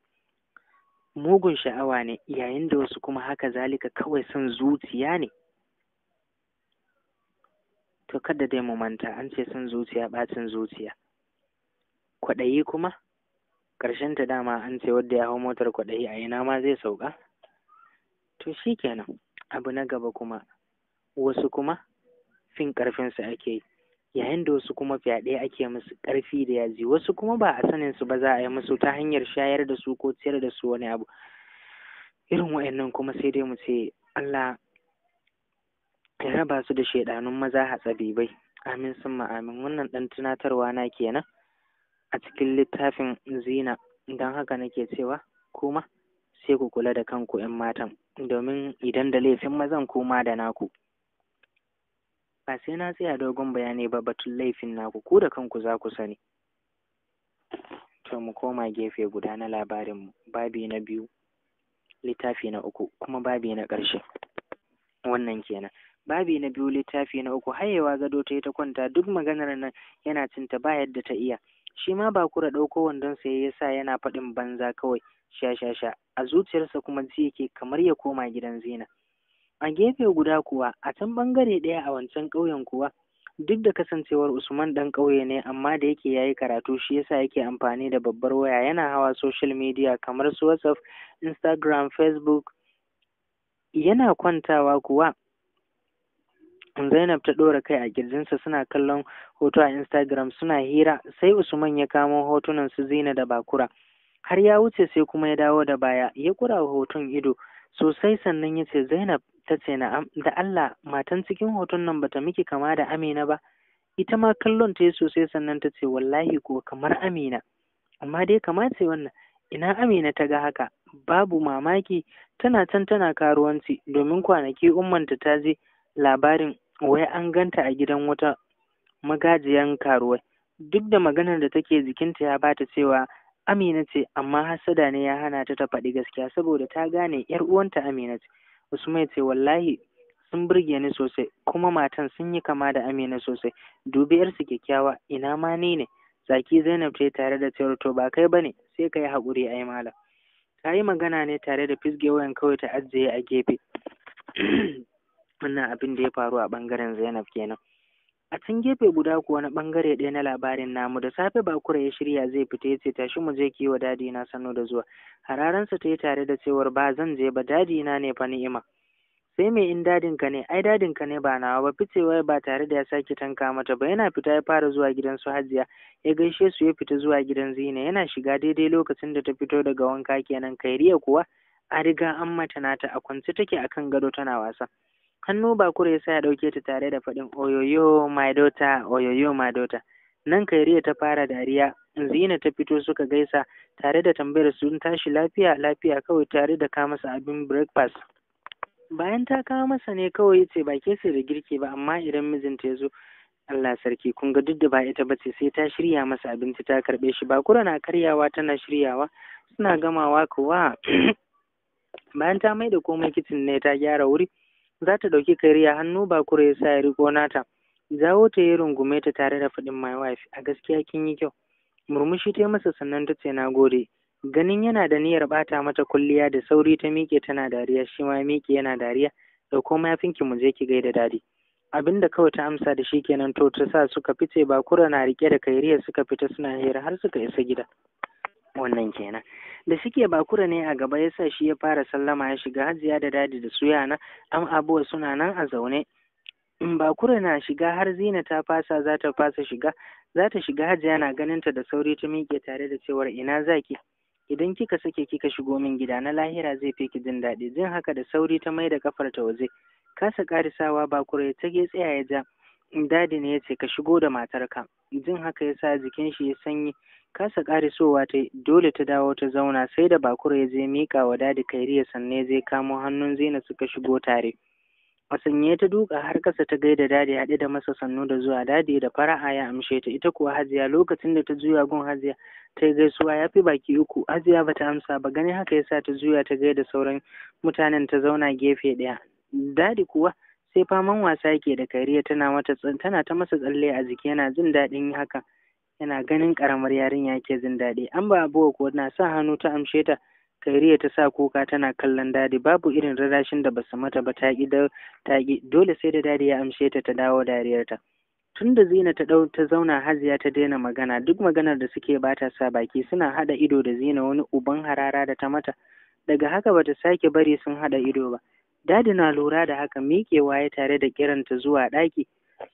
mugun sha'awa ne yayin da wasu kuma haka zalika kawai son zuciya ne to kada dai mu manta an ce son zuciya ɓacin zuciya kwaɗayi kuma ƙarshen ta dama an ce wadda ya hau motar kwaɗayi a ina ma zai sauka to shi kenan abu na gaba kuma wasu kuma fin ƙarfinsu ake yi yayin da wasu kuma fyaɗe ake musu ƙarfi da yaji wasu kuma ba a sanin su ba za a yi musu ta hanyar shayar da su ko ciyar da su wani abu irin wa'annan kuma sai dai mu ce Allah ya raba su da shaidanun maza hatsabibai amin sun amin wannan dan tunatarwa na kenan a cikin littafin zina don haka nake cewa kuma sai ku kula da kanku 'yan matan domin idan da laifin mazan kuma da naku ba sai na tsaya dogon bayani ba batun laifin naku ku da kanku za ku sani to mu koma gefe guda na labarinmu babi na biyu littafi na uku kuma babi na ƙarshe wannan kenan babi na biyu littafi na uku hayewa gado ta yi ta kwanta duk maganar nan yana cinta ba yadda ta iya shi ma ba kura ɗauko wandon sai ya sa yana faɗin banza kawai sha sha sha a zuciyarsa kuma ji yake kamar ya koma gidan zina a gefe guda kuwa a can bangare ɗaya a wancan ƙauyen kuwa duk da kasancewar usman ɗan ƙauye ne amma da yake ya yi karatu shi yasa yake amfani da babbar waya yana hawa social media kamar su whatsapp instagram facebook yana kwantawa kuwa Zainab ta ɗora kai a kirjinsa suna kallon hoto a Instagram suna hira sai Usman ya kamo hotunan su Zina da Bakura. Har ya wuce sai kuma ya dawo da baya ya kura hoton ido sosai sannan ya ce Zainab ta ce na'am da Allah matan cikin hoton nan bata miki kama da Amina ba. Ita ma kallon ta yi sosai sannan ta ce wallahi ko kamar Amina. Amma dai kama ce wannan ina Amina ta ga haka babu mamaki tana can tana karuwanci domin kwanaki ummanta ta je labarin wai an ganta a gidan wata magajiyan karuwai duk da maganar da take jikinta ya bata cewa Amina ce amma hassada ne ya hana ta ta faɗi gaskiya saboda ta gane ‘yar uwanta Amina ce. Usman ce wallahi sun burge ni sosai kuma matan sun yi kama da Amina sosai. Dubi ‘yarsu kyakkyawa ina ma ni ne. Zaki Zainab ce tare da cewar to ba kai bane sai ka yi haƙuri ai malam. Ta yi magana ne tare da fisge wayan kawai ta ajiye a gefe. wannan abin da ya faru a ɓangaren Zainab kenan. A can gefe guda kuwa na ɓangare ɗaya na labarin namu da safe ba kura ya shirya zai fita ya ce tashi mu je ki wa dadi na sannu da zuwa. Hararansa ta yi tare da cewar ba zan je ba dadi na ne fa ni'ima. Sai mai in dadin ka ne ai dadin ka ne ba nawa ba ficewa ba tare da ya sake tanka mata ba yana fita ya fara zuwa gidan su Hajiya ya gaishe su ya fita zuwa gidan Zina yana shiga daidai lokacin da ta fito daga wanka kenan Kairiya kuwa a riga an mata nata a kwance take akan gado tana wasa. hannu ba ya sa ya ɗauke ta tare da faɗin oyoyo my daughter oyoyo my daughter nan kairiya ta fara dariya zina ta fito suka gaisa tare da tambayar sun tashi lafiya lafiya kawai tare da ka masa abin breakfast bayan ta kawo masa ne kawai ya ce ba ke sai da girki ba amma idan mijinta ya zo Allah sarki kun ga duk da ba ita ba ce?" sai ta shirya masa abinci ta karɓe shi ba kura na karyawa tana shiryawa suna gamawa kuwa bayan ta mai da komai kicin ne ta gyara wuri za ta ɗauki kariya hannu bakura ya sa ya riƙo nata jawo ta yi rungume ta tare da faɗin my wife a gaskiya kin yi kyau murmushi ta yi masa sannan ta ce na gode ganin yana da niyyar ɓata mata kulliya da sauri ta miƙe tana dariya shi ma miƙe yana dariya Da yafin ki mu je ki gaida dadi abinda kawai ta amsa da shi kenan to ta sa suka fice bakura na riƙe da kairiya suka fita suna hira har suka isa gida wannan kenan da suke bakura ne a gaba yasa shi ya fara sallama ya shiga hajiya da dadi da su yana an abuwa suna nan a zaune in bakura na shiga har zina ta fasa za ta fasa shiga za ta shiga hajiya na ganinta da sauri ta miƙe tare da cewar ina zaki idan kika sake kika shigo min gida na lahira zai fi ki jin daɗi jin haka da sauri ta mai da kafar ta waje kasa karisawa bakura ta ge tsaya ya ja dadi ne ya ce ka shigo da matarka jin haka ya sa jikin shi ya sanyi kasa karisowa ta dole ta dawo ta zauna sai da bakura ya je mika wa dadi kairiya sannan ya je kamo hannun zina suka shigo tare a sanye ta duka har kasa ta gaida dadi haɗe da masa sannu da zuwa dadi da fara'a ya amshe ta ita kuwa hajiya lokacin da ta juya gun hajiya ta yi gaisuwa ya fi baki uku hajiya ba ta amsa ba gani haka ya sa ta juya ta gaida sauran mutanen ta zauna gefe ɗaya dadi kuwa sai faman wasa yake da kariya tana mata tana ta masa tsalle a jiki yana jin daɗin haka yana ganin karamar yarinya ke jin daɗi an ba abuwa ko na sa hannu ta amshe ta kairiya ta sa kuka tana kallon dadi babu irin rarashin da basu mata ba ta ki dole sai da dadi ya amshe ta ta dawo dariyarta tun da zina ta dau ta zauna haziya ta daina magana duk maganar da suke bata sa baki suna hada ido da zina wani uban harara da ta mata daga haka bata sake bari sun hada ido ba Dadi na lura da haka miƙewa ya tare da kiranta zuwa ɗaki.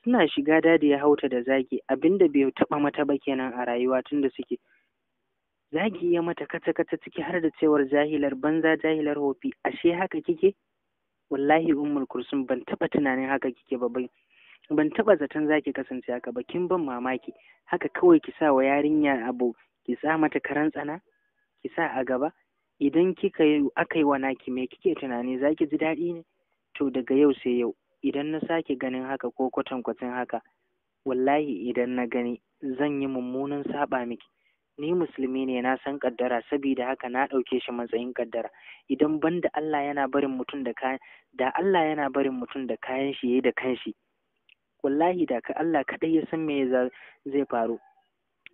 Suna shiga dadi ya hauta da zaki abinda bai taɓa mata ba kenan a rayuwa tunda suke. Zaki ya mata kata-kata ciki har da cewar jahilar banza jahilar hofi ashe haka kike? Wallahi ummul kursun ban taɓa tunanin haka kike ba bai. Ban taɓa zaton zaki kasance haka ba kin ban mamaki haka kawai ki sa wa yarinya abu ki sa mata karan ki sa a gaba idan kika yi aka yi wa naki me kike tunani za ki ji daɗi ne to daga yau sai yau idan na sake ganin haka ko kwatankwacin haka wallahi idan na gani zan yi mummunan saɓa miki ni musulmi ne na san kaddara saboda haka na ɗauke shi matsayin kaddara idan ban da Allah yana barin mutum da kayan da Allah yana barin mutum da kayan shi yayi da kanshi wallahi da ka Allah kaɗai ya san me zai faru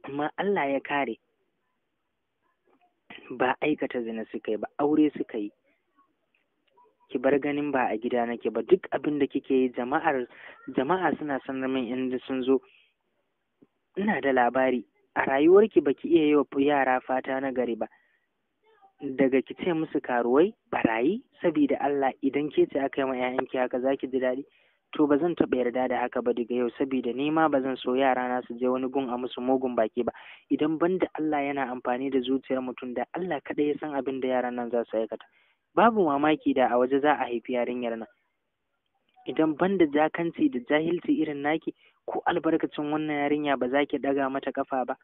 amma Allah ya kare ba aikata zina suka yi ba aure suka yi ki bar ganin ba a gida nake ba duk abin da kike yi jama'ar jama'a suna sanar min in sun zo ina da labari a rayuwarki baki iya yi wa yara fata na gari ba daga ki ce musu karuwai barayi saboda Allah idan ke ce aka yi ma 'ya'yanki haka zaki ji daɗi to ba zan taɓa yarda da haka ba daga yau saboda ni ma ba zan so yara na su je wani gun a musu mugun baki ba idan banda Allah yana amfani da zuciyar mutum da Allah kaɗai ya san abin da yaran nan za su aikata babu mamaki da a waje za a haifi yarinyar nan idan banda jakanci da jahilci irin naki ko albarkacin wannan yarinya ba za ki ɗaga mata kafa ba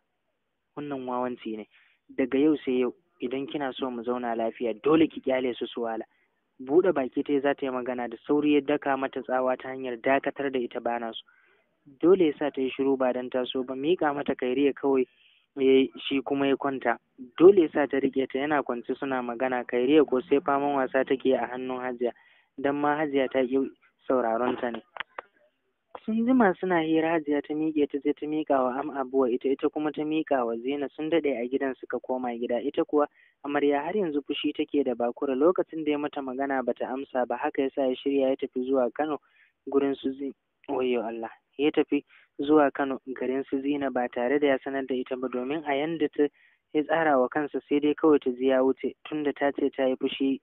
wannan wawanci ne daga yau sai yau idan kina so mu zauna lafiya dole ki kyale su su wala buɗe baki ta za ta yi magana da sauri ya daka mata tsawa ta hanyar dakatar da ita bana su dole ya sa ta yi shiru ba don taso ba miƙa mata kairi ya kawai ya shi kuma ya kwanta dole ya sa ta riƙe ta yana kwance suna magana kairiya ko sai faman wasa take a hannun hajiya don ma hajiya ta ƙi sauraron ta ne sun jima suna hira hajiya ta miƙe ta je ta miƙa wa am abuwa ita ita kuma ta miƙa wa zina sun daɗe a gidan suka koma gida ita kuwa amarya har yanzu fushi take da bakura lokacin da ya mata magana bata amsa ba haka yasa ya shirya ya tafi zuwa kano gurin su zi oyo allah ya tafi zuwa kano garin su zina ba tare da ya sanar da ita ba domin a yanda ta ya tsara wa kansa sai dai kawai ta ji ya wuce tunda ta ce ta yi fushi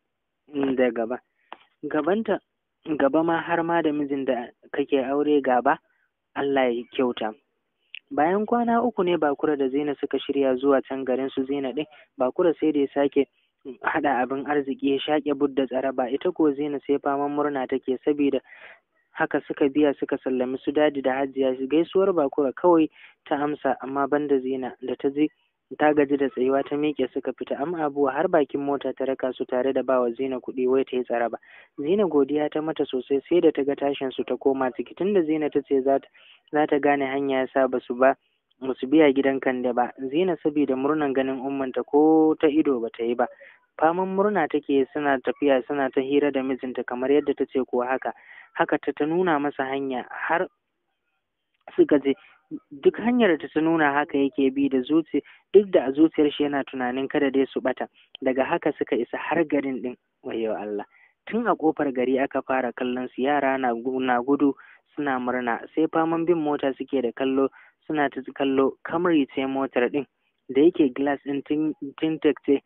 mm, da gaba gabanta gaba ma har ma da mijin da kake aure gaba Allah ya kyauta bayan kwana uku ne bakura da zaina suka shirya zuwa can garin su zaina ɗin bakura sai da ya sake haɗa abin arziki ya shaƙe budda Ba ita ko zaina sai faman murna take saboda haka suka biya suka sallami su dadi da hajiya gaisuwar bakura kawai ta amsa amma banda zina da ta je ta gaji da tsayuwa ta miƙe suka fita amma abuwa har bakin mota ta raka su tare da bawa zina kuɗi wai ta yi tsara ba. zina godiya ta mata sosai sai da ta ga tashin su ta koma ciki da zina ta ce za ta gane hanya ya sa ba su ba musu biya gidan kande ba zina saboda murnan ganin ummanta ko ta ido ba ta yi ba faman murna take suna tafiya suna ta hira da mijinta kamar yadda ta ce ko haka haka ta ta nuna masa hanya har suka je duk hanyar da ta nuna haka yake bi da zuci duk da a zuciyar shi yana tunanin kada dai su bata daga haka suka isa har garin din wayo Allah tun a kofar gari aka fara kallon su yara na gudu suna murna sai faman bin mota suke da kallo suna ta kallo kamar ce motar din da yake glass din tintakce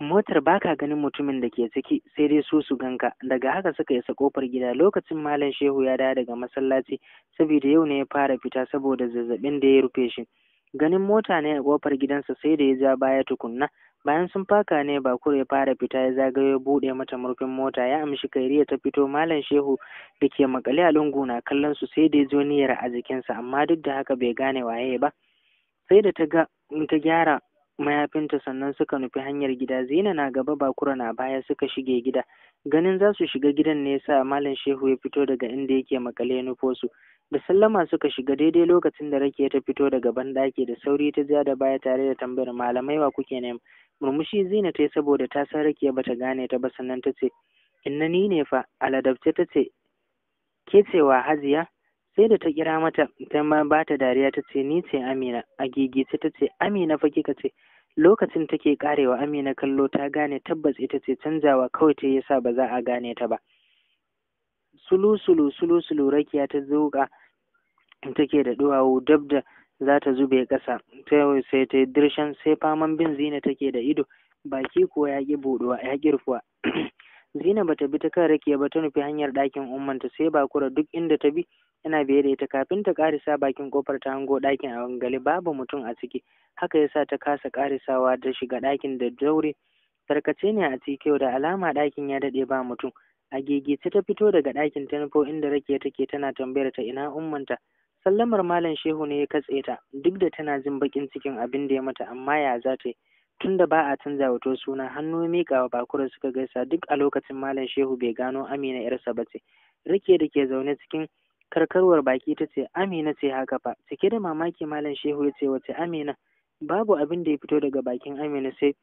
motar baka ganin mutumin da ke ciki sai dai su su ganka daga haka suka isa kofar gida lokacin malam shehu ya dawo daga masallaci saboda yau ne ya fara fita saboda zazzabin da ya rufe shi ganin mota ne a kofar gidansa sai da ya ja baya tukunna bayan sun faka ne bakura ya fara fita ya zagayo bude mata murfin mota ya amshi kairiya ta fito malam shehu da ke makale a lungu na kallon su sai da ya zo niyyar a jikinsa amma duk da haka bai gane waye ba sai da ta ga ta gyara mayafinta sannan suka nufi hanyar gida zina na gaba bakura na baya suka shige gida ganin za su shiga gidan ne yasa malam shehu ya fito daga inda yake makale ya nufo su da sallama suka shiga daidai lokacin da rake ta fito daga banɗaki da sauri ta ja da baya tare da tambayar malamai wa kuke ne murmushi zina ta yi saboda ta san rake ta gane ta ba sannan ta ce inna ni ne fa aladabce ta ce ke cewa haziya sai da ta kira mata ta ba ta dariya ta ce ni ce amina a gigice ta ce amina fa kika ce lokacin take karewa amina kallo ta gane tabbas ita ce canzawa kawai ta yasa ba za a gane ta ba sulu sulu sulu sulu rakiya ta zuƙa take da duwawu dab da za ta zube ƙasa ta sai ta dirshan sai faman bin zina take da ido baki kuwa ya ƙi buɗuwa ya ƙi rufuwa zina bata bi ta kan rakiya ba ta nufi hanyar ɗakin ummanta sai ba bakura duk inda ta bi yana biye da ita kafin ta karisa bakin kofar ta hango ɗakin a wangali babu mutum a ciki haka yasa ta kasa karisawa da shiga ɗakin da daure tarkace ne a cikin da alama ɗakin ya daɗe ba mutum a gigita ta fito daga ɗakin ta nufo inda rake take tana tambayar ta ina ummanta sallamar malam shehu ne ya katse ta duk da tana jin bakin cikin abin da ya mata amma ya za ta yi tunda ba a canza wato suna hannu miƙa wa bakura suka gaisa duk a lokacin malam shehu bai gano amina yarsa ba ce rike da ke zaune cikin karkarwar baki ta ce amina ce haka fa cike da mamaki malam shehu ya ce wace amina babu abin da ya fito daga bakin amina sai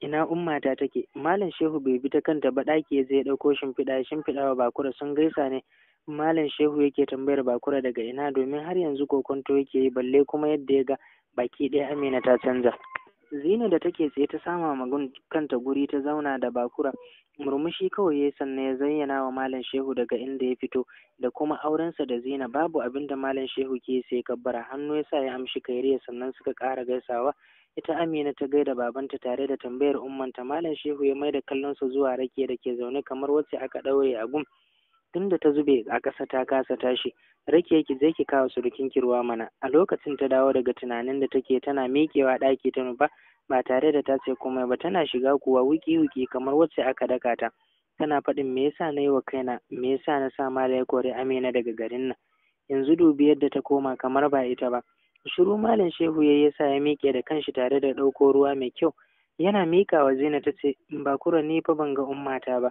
ina umma ta take malam shehu bai bi ta kanta ba ɗaki ya je ya ɗauko shimfiɗa shimfiɗa wa bakura sun gaisa ne malam shehu yake tambayar bakura daga ina domin har yanzu kokonto yake yi balle kuma yadda ya ga baki ɗaya amina ta canza zina da take tsaye ta sama magun kanta guri ta zauna da bakura murmushi kawai ya sannan ya zayyana wa malam shehu daga inda ya fito da kuma aurensa da zina babu abin da malam shehu ke sai kabbara hannu ya sa ya amshi kairiya sannan suka ƙara gaisawa ita amina ta gaida babanta tare da tambayar ummanta malam shehu ya mai da kallonsa zuwa rake da ke zaune kamar wacce aka ɗaure a gum tunda ta zube a ƙasa ta kasa tashi rake ki zai ki kawo surukin ki ruwa mana a lokacin ta dawo daga tunanin da take tana miƙewa ɗaki ta nufa ba tare da ta ce komai ba tana shiga kuwa wuki wuki kamar wacce aka daka ta tana faɗin me yasa na yi wa kaina me yasa na sa mala ya kori amina daga garin nan yanzu dubi yadda ta koma kamar ba ita ba shiru malam shehu ya yasa ya miƙe da kanshi tare da ɗauko ruwa mai kyau yana miƙa wa zaina ta ce ba kura ni fa ban ga ummata ba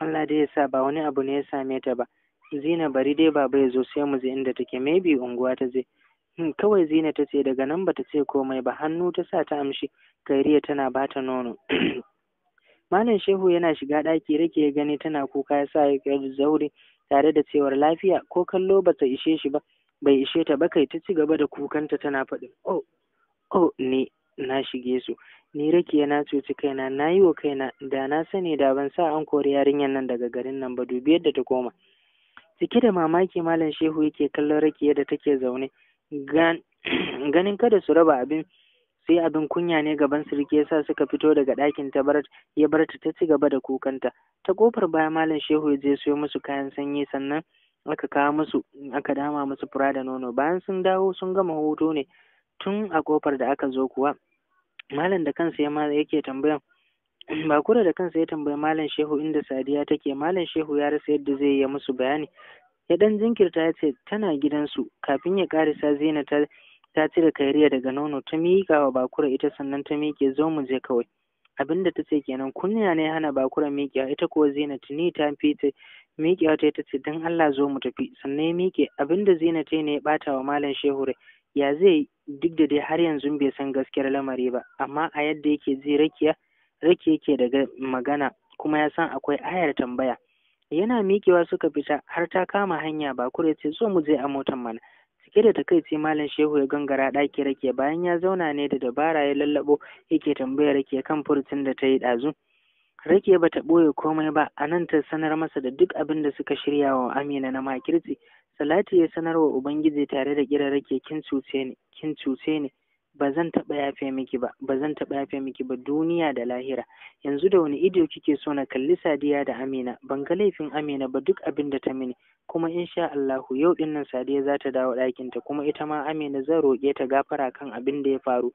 Allah dai ya sa ba wani abu ne ya same ta ba Zina bari dai baba ya zo sai mu je inda take maybe unguwa ta je hmm, kawai Zina ta ce daga nan bata ce komai ba hannu ta sa ta amshi Kairiya tana bata nono Malam Shehu yana shiga ɗaki rake ya gani tana kuka ya sa ya zaure tare da cewar lafiya ko kallo bata ishe shi ba bai ishe ta ba kai ta ci gaba da kukanta tana faɗin oh oh ni na shige su ni rakiya na cuci kaina na yi wa kaina da na sani da ban sa an kori yarinyar nan daga garin nan ba dubi yadda ta koma cike da mamaki malam shehu yake kallon rakiya da take zaune ganin kada su raba abin sai abin kunya ne gaban sirki sa suka fito daga ɗakin ta bar ya bar ta ta ci gaba da kukanta ta kofar baya malam shehu ya je sayo musu kayan sanyi sannan aka kawo musu aka dama musu fura da nono bayan sun dawo sun gama hoto ne tun a kofar da aka zo kuwa malam da kansa ya yake tambayan bakura da kansa ya tambayi malam shehu inda sadiya take malam shehu ya rasa yadda zai yi musu bayani ya dan jinkirta ya ce tana gidansu kafin ya karisa zaina ta ta cire kairiya daga nono ta miƙa wa bakura ita sannan ta miƙe zo mu je kawai abin da ta ce kenan kunya ne hana bakura miƙewa ita kuwa zaina tuni ta fita miƙewa ta ita ce don allah zo mu tafi sannan ya miƙe abin da zaina ta ne ya ɓata wa malam shehu rai ya zai duk da dai har yanzu bai san gaskiyar lamari ba amma a yadda yake ji rakiya rake yake daga magana kuma ya san akwai ayar tambaya yana miƙewa suka fita har ta kama hanya ba kure ce so mu je a motar mana cike da takaici malam shehu ya gangara ɗaki rake bayan ya zauna ne da dabara ya lallabo yake tambayar rake kan furtin da ta yi ɗazu rake ba ta ɓoye komai ba a nan ta sanar masa da duk abin da suka shirya wa amina na makirci Salatu ya sanar wa Ubangiji tare da kirarrake kin cuce ni, kin cuce ni, ba zan taɓa yafe miki ba, ba zan taɓa yafe miki ba duniya da lahira. Yanzu da wani ido kike so na kalli Sadiya da Amina, ban ga laifin Amina ba duk abin da ta mini, kuma insha Allahu yau din nan Sadiya za ta dawo ɗakinta kuma ita ma Amina zan roƙe ta gafara kan abin da ya faru.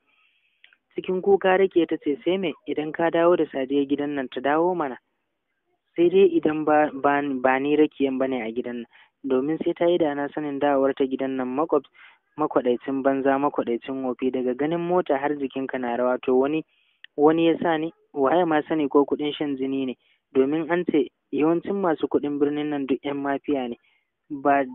Cikin kuka rake ta ce sai me idan ka dawo da Sadiya gidan nan ta dawo mana. sai dai idan ba, ba, ba ni rakiyan bane a gidan nan domin sai ta yi da na sanin ta gidan nan makwab makwaɗaicin banza makwaɗaicin wofi daga ganin mota har jikinka na rawa to wani wani ya sa ni waye ma sani ko kuɗin shan jini ne domin an ce yawancin masu kuɗin birnin nan duk 'yan mafiya ne ba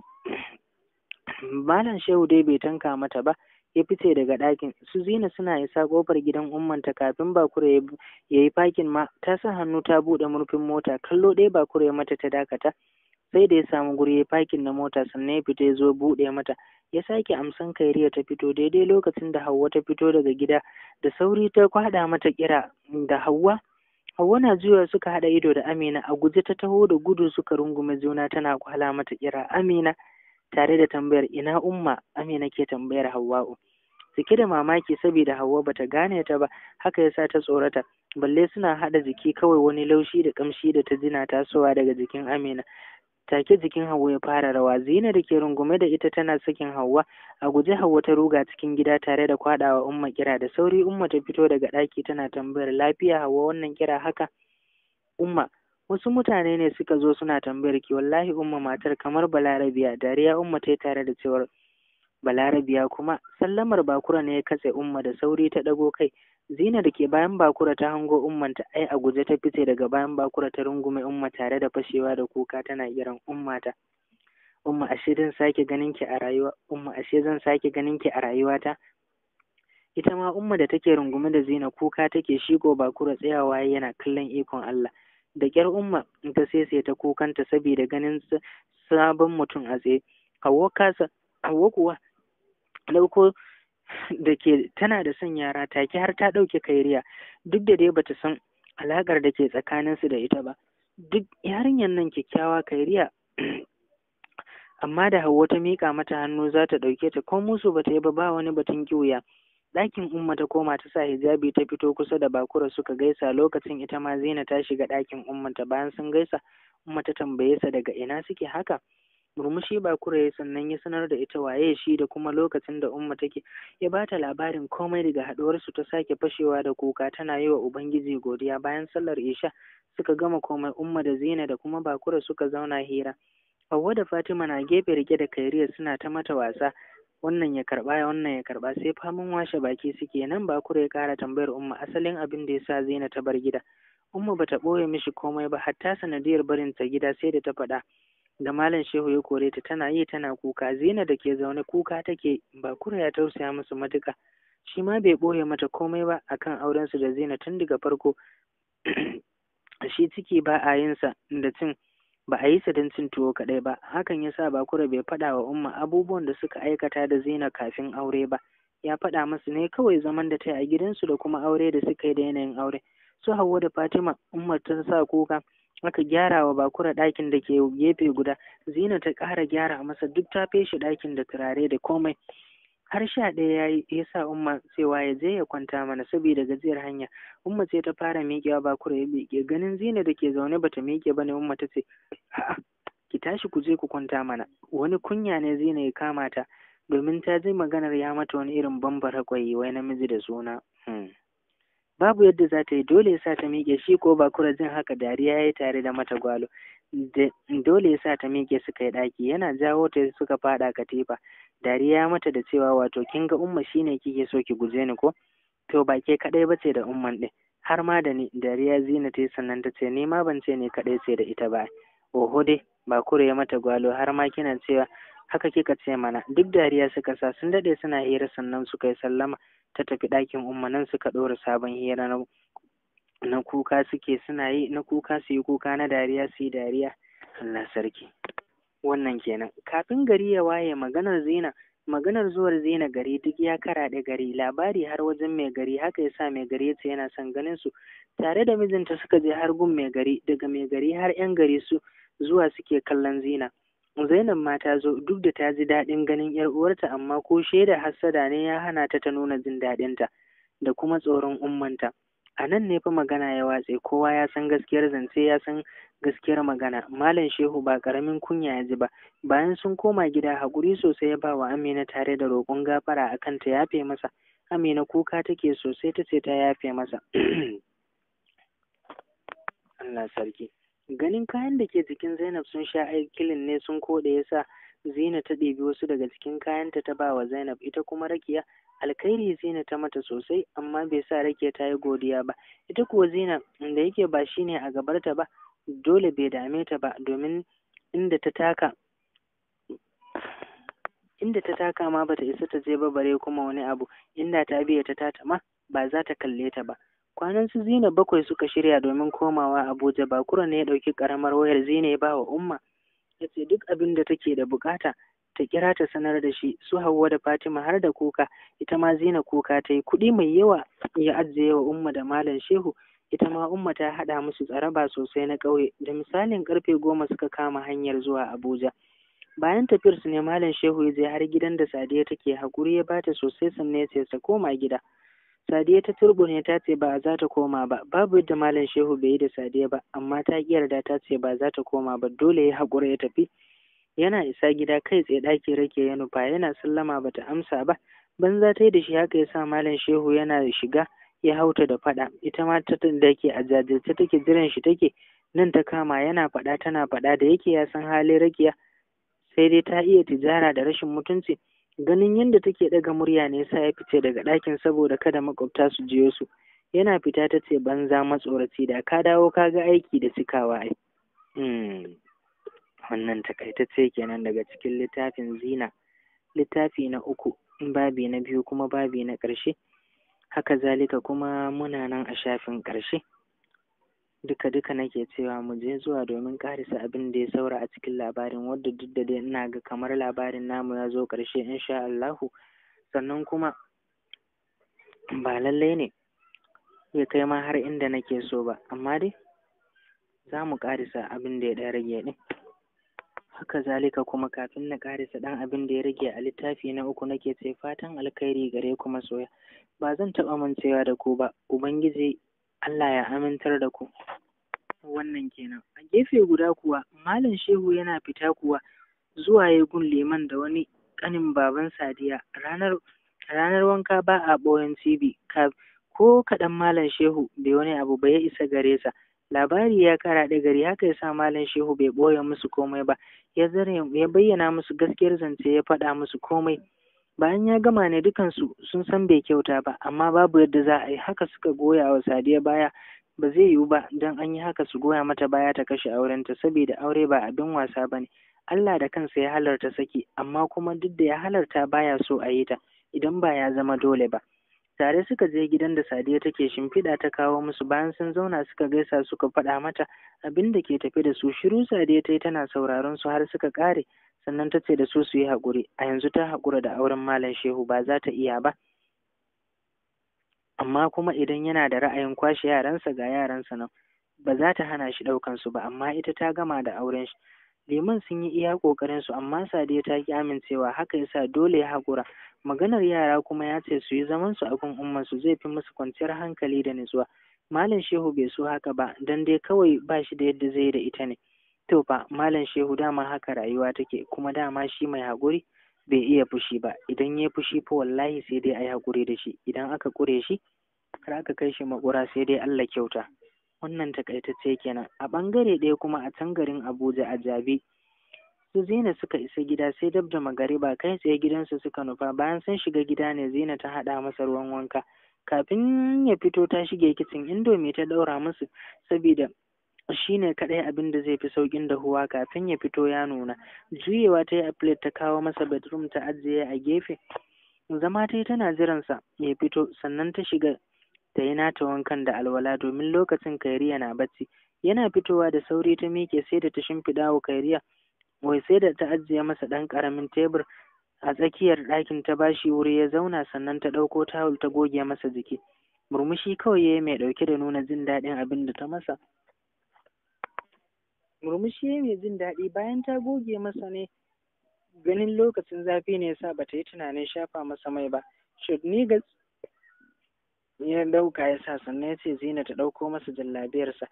malam shehu dai bai tanka mata ba ya fice daga ɗakin su zina suna isa ƙofar gidan ummanta kafin bakure ya yi fakin ma ta sa hannu ta buɗe murfin mota kallo ɗaya bakure mata ta dakata sai da ya samu guri ya fakin na mota sannan ya fita ya zo buɗe mata ya sake amsan kairiya ta fito daidai lokacin da Hauwa ta fito daga gida da sauri ta kwada mata kira da Hauwa Hauwa na zuwa suka haɗa ido da Amina a guje ta taho da gudu suka rungume juna tana kwala mata kira Amina tare da tambayar ina umma Amina ke tambayar Hauwa'u jiki da mamaki saboda Hauwa bata gane ta ba haka yasa ta tsorata balle suna haɗa jiki kawai wani laushi da kamshi da ta jina tasowa daga jikin Amina take jikin Hauwa ya fara rawa Zina da ke rungume da ita tana sakin Hauwa a guje Hauwa ta ruga cikin gida tare da kwadawa Umma kira da sauri Umma ta fito daga ɗaki tana tambayar lafiya Hauwa wannan kira haka Umma wasu mutane ne suka zo suna tambayar ki wallahi Umma matar kamar Balarabiya dariya Umma ta yi tare da cewar Balarabiya kuma sallamar bakura ne ya katse Umma da sauri ta dago kai Zina da ke bayan Bakura ta hango Umman ta ai a guje ta fice daga bayan Bakura ta rungume Umma tare da fashewa da kuka tana kiran Umma ta. Umma ashe zan sake ganin ki a rayuwa Umma ashe zan sake ganin ki a rayuwata. Ita ma Umma da take rungume da Zina kuka take shigo Bakura tsayawa yana kallon ikon Allah. Da kyar Umma ta sese ta kukanta saboda ganin sabon mutum a tsaye. Hawwa kasa Hawwa kuwa Dauko da ke tana da son yara taki har ta ɗauke kairiya duk da dai bata san alaƙar da ke tsakaninsu da ita ba duk yarinyar nan kyakkyawa kairiya amma da Hauwa ta miƙa mata hannu za ta ɗauke ta ko musu bata yi ba ba wani batun kiwuya ɗakin umma ta koma ta sa hijabi ta fito kusa da bakura suka gaisa lokacin ita ma zina ta shiga ɗakin umma ta bayan sun gaisa umma ta tambaye sa daga ina suke haka murmushi bakura ya sannan ya sanar da ita waye shi da kuma lokacin da umma take ya bata labarin komai daga haɗuwarsu ta sake fashewa da kuka tana yi wa ubangiji godiya bayan sallar isha suka gama komai umma da zina da kuma bakura suka zauna hira Hauwa da Fatima na gefe rike da kairiya suna ta mata wasa wannan ya karba wannan ya karba sai faman washe baki suke nan bakura ya kara tambayar umma asalin abin da ya sa zina ta bar gida Umma bata ɓoye mishi komai ba hatta sanadiyar barin ta gida sai da ta faɗa da Malam Shehu ya kore ta tana yi tana kuka Zina da ke zaune kuka take ba kura ya tausaya musu matuka shi ma bai ɓoye mata komai ba akan auren su da Zina tun daga farko shi ciki ba a yin sa da cin ba a yi sa don cin tuwo kaɗai ba hakan yasa Bakura bai faɗa wa Umma abubuwan da suka aikata da Zina kafin aure ba ya faɗa musu ne kawai zaman da ta yi a gidansu da kuma aure da suka yi da yanayin aure su Hauwa da Fatima Umma ta sa kuka aka gyara wa bakura ɗakin da ke gefe guda zina ta ƙara gyara masa duk ta feshi ɗakin da turare da komai har sha ɗaya ya sa umma cewa ya je ya kwanta mana saboda gajiyar hanya umma ce ta fara miƙewa bakura ya miƙe ganin zina da ke zaune bata miƙe ba ne umma ta ce ki tashi ku je ku kwanta mana wani kunya ne zina ya kama ta domin ta ji maganar ya mata wani irin bambara kwayi wai namiji da suna hmm. babu yadda za ta yi dole ya sa ta miƙe shi ko bakura jin haka dariya ya yi tare da mata gwalo dole ya sa ta miƙe suka yi ɗaki yana jawo ta suka faɗa katifa dariya mata da cewa wato kin ga umma shine kike so ki guje ni ko to ba ke kaɗai ba ce da umman ɗin har ma da ni dariya zina ta yi sannan ta ce ni ma ban ce ni kaɗai ce da ita ba oho dai bakura ya mata gwalo har ma kina cewa haka kika ce mana duk dariya suka sa sun daɗe suna hira sannan suka yi sallama ta tafi ɗakin umma nan suka ɗora sabon hira na na kuka suke suna yi na kuka su yi kuka na dariya su yi dariya Allah sarki wannan kenan kafin gari ya waye maganar zina maganar zuwar zina gari duk ya karaɗe gari labari har wajen mai gari haka ya sa mai gari ce yana son ganin su tare da mijinta suka je har gun mai gari daga mai gari har yan gari su zuwa suke kallon zina Zainab ma ta zo duk da ta ji daɗin ganin ‘yar uwarta amma ko shaida hassada ne ya hana ta ta nuna jin daɗinta da kuma tsoron ummanta. A nan ne fa magana ya watse kowa ya san gaskiyar zance ya san gaskiyar magana. Malam Shehu ba ƙaramin kunya ya ji ba. Bayan sun koma gida haƙuri sosai ya ba wa Amina tare da roƙon gafara a kan ta yafe masa. Amina kuka take sosai ta ce ta yafe masa. Allah sarki. Ganin kayan da ke jikin Zainab sun sha aikilin ne sun koda ya sa Zina ta ɗebi wasu daga cikin kayanta ta ba wa Zainab ita kuma Rakiya alkhairi Zina ta mata sosai amma bai sa Rakiya ta yi godiya ba ita kuwa Zina da yake ba shine a gabarta ba dole bai dame ta ba domin inda ta taka inda ta ma bata isa ta je ba bare kuma wani abu inda ta biya ta tata ma ba za ta kalle ta ba Kwanan su Zina bakwai suka shirya domin komawa Abuja, Bakura ne ya ɗauki ƙaramar wayar Zina ba wa Umma, ya ce duk abin da take da bukata ta kira ta sanar da shi, su Hauwa da Fatima har da kuka, ita ma Zina kuka ta yi kuɗi mai yawa ya ajiye wa Umma da Malam Shehu, ita ma Umma ta haɗa musu tsaraba sosai na ƙauye, da misalin ƙarfe goma suka kama hanyar zuwa Abuja. Bayan tafiyar su ne Malam Shehu ya je har gidan da Sadiya take hakuri ya bata sosai sannan ya ce ta koma gida. Sadiya ta turbune ta ce ba za ta koma ba, babu yadda Malam Shehu bai yi da Sadiya ba, amma ta ƙi yarda ta ce ba za ta koma ba, dole ya haƙura ya tafi. Yana isa gida kai tsaye ɗaki rake ya nufa, yana sallama ba ta amsa ba, banza ta yi da shi haka ya sa Malam Shehu yana shiga ya hauta da faɗa, ita ma ta da ke a jajirce take jiran shi take, nan ta kama yana faɗa tana faɗa da yake ya san halin rakiya, sai dai ta iya tijara da rashin mutunci. ganin yadda take ɗaga murya ne sa ya fice daga ɗakin saboda kada makwabta su jiyo su yana fita ta ce banza matsoraci da ka dawo ka ga aiki da cikawa ai hmm. wannan takaitacce kenan daga cikin littafin zina littafi na uku babi na biyu kuma babi na ƙarshe haka zalika kuma muna nan a shafin ƙarshe duka-duka nake cewa mu je zuwa domin karisa abin da ya saura a cikin labarin wadda duk da dai ina ga kamar labarin namu ya zo ƙarshe insha Allahu sannan kuma ba lallai ne ya kai ma har inda nake so ba amma dai za mu karisa abin da ya ɗan rage ɗin haka zalika kuma kafin na karisa ɗan abin da ya rage a littafi na uku nake ce fatan alkhairi gare ku soya. ba zan taɓa mancewa da ku ba ubangiji Allah ya amintar da ku wannan kenan a gefe guda kuwa malam shehu yana fita kuwa zuwa ya gun liman da wani kanin baban sadiya ranar ranar wanka ba a ɓoyen tv ko kaɗan malam shehu bai wani abu ba ya isa gare sa labari ya kara da gari haka ya sa malam shehu bai ɓoye musu komai ba ya bayyana musu gaskiyar zance ya faɗa musu komai bayan ya gama ne dukansu sun san bai kyauta ba amma babu yadda za a yi haka suka goya wa sadiya baya ba zai yiwu ba don an yi haka su goya mata baya ta kashe aurenta saboda aure ba abin wasa ba ne Allah da kansa ya halarta saki amma kuma duk da ya halarta baya so a yi ta idan ba ya zama dole ba tare suka je gidan da sadiya take shimfiɗa ta kawo musu bayan sun zauna suka gaisa suka faɗa mata abin da ke tafe da su shiru sadiya ta yi tana sauraron su har suka ƙare sannan ta ce da su su yi haƙuri a yanzu ta haƙura da auren malam shehu ba za ta iya ba amma kuma idan yana da ra'ayin kwashe yaransa ga yaransa nan ba za ta hana shi ɗaukan su ba amma ita ta gama da auren shi liman sun yi iya ƙoƙarin su amma sadiya ta ki amincewa haka yasa dole ya haƙura maganar yara kuma ya ce su yi zaman su a kan umman su zai fi musu kwanciyar hankali da nutsuwa malam shehu bai so haka ba dan dai kawai ba shi da yadda zai da ita ne To ba, Malam Shehu dama haka rayuwa take, kuma dama shi mai haƙuri bai iya fushi ba, idan ya fushi fa wallahi sai dai a yi haƙuri da shi, idan aka ƙure shi, har aka kai shi maƙura sai dai Allah kyauta. Wannan takaitacce kenan. A ɓangare ɗaya kuma a can garin Abuja a Jabi, su Zina suka isa gida sai dab da magariba kai tsaye gidansu suka nufa bayan sun shiga gida ne Zina ta haɗa masa ruwan wanka. Kafin ya fito ta shige kicin indomi ta ɗaura musu saboda shi ne kaɗai abin da zai fi sauƙin dahuwa kafin ya fito ya nuna juyewa ta yi a plate ta kawo masa bedroom ta ajiye a gefe zama ta yi tana jiransa ya fito sannan ta shiga ta yi nata wankan da alwala domin lokacin kairiya na bacci yana fitowa da sauri ta miƙe sai da ta shimfiɗa wa kairiya wai sai da ta ajiye masa ɗan ƙaramin tebur a tsakiyar ɗakin ta bashi wuri ya zauna sannan ta ɗauko tawul ta goge masa jiki murmushi kawai ya yi mai ɗauke da nuna jin daɗin abin da ta masa murmushi ya mai jin daɗi bayan ta goge masa ne ganin lokacin zafi ne yasa bata yi tunanin shafa masa mai ba shudnigas ya ɗauka ya sa sannan ya ce zina ta ɗauko masa jallabiyarsa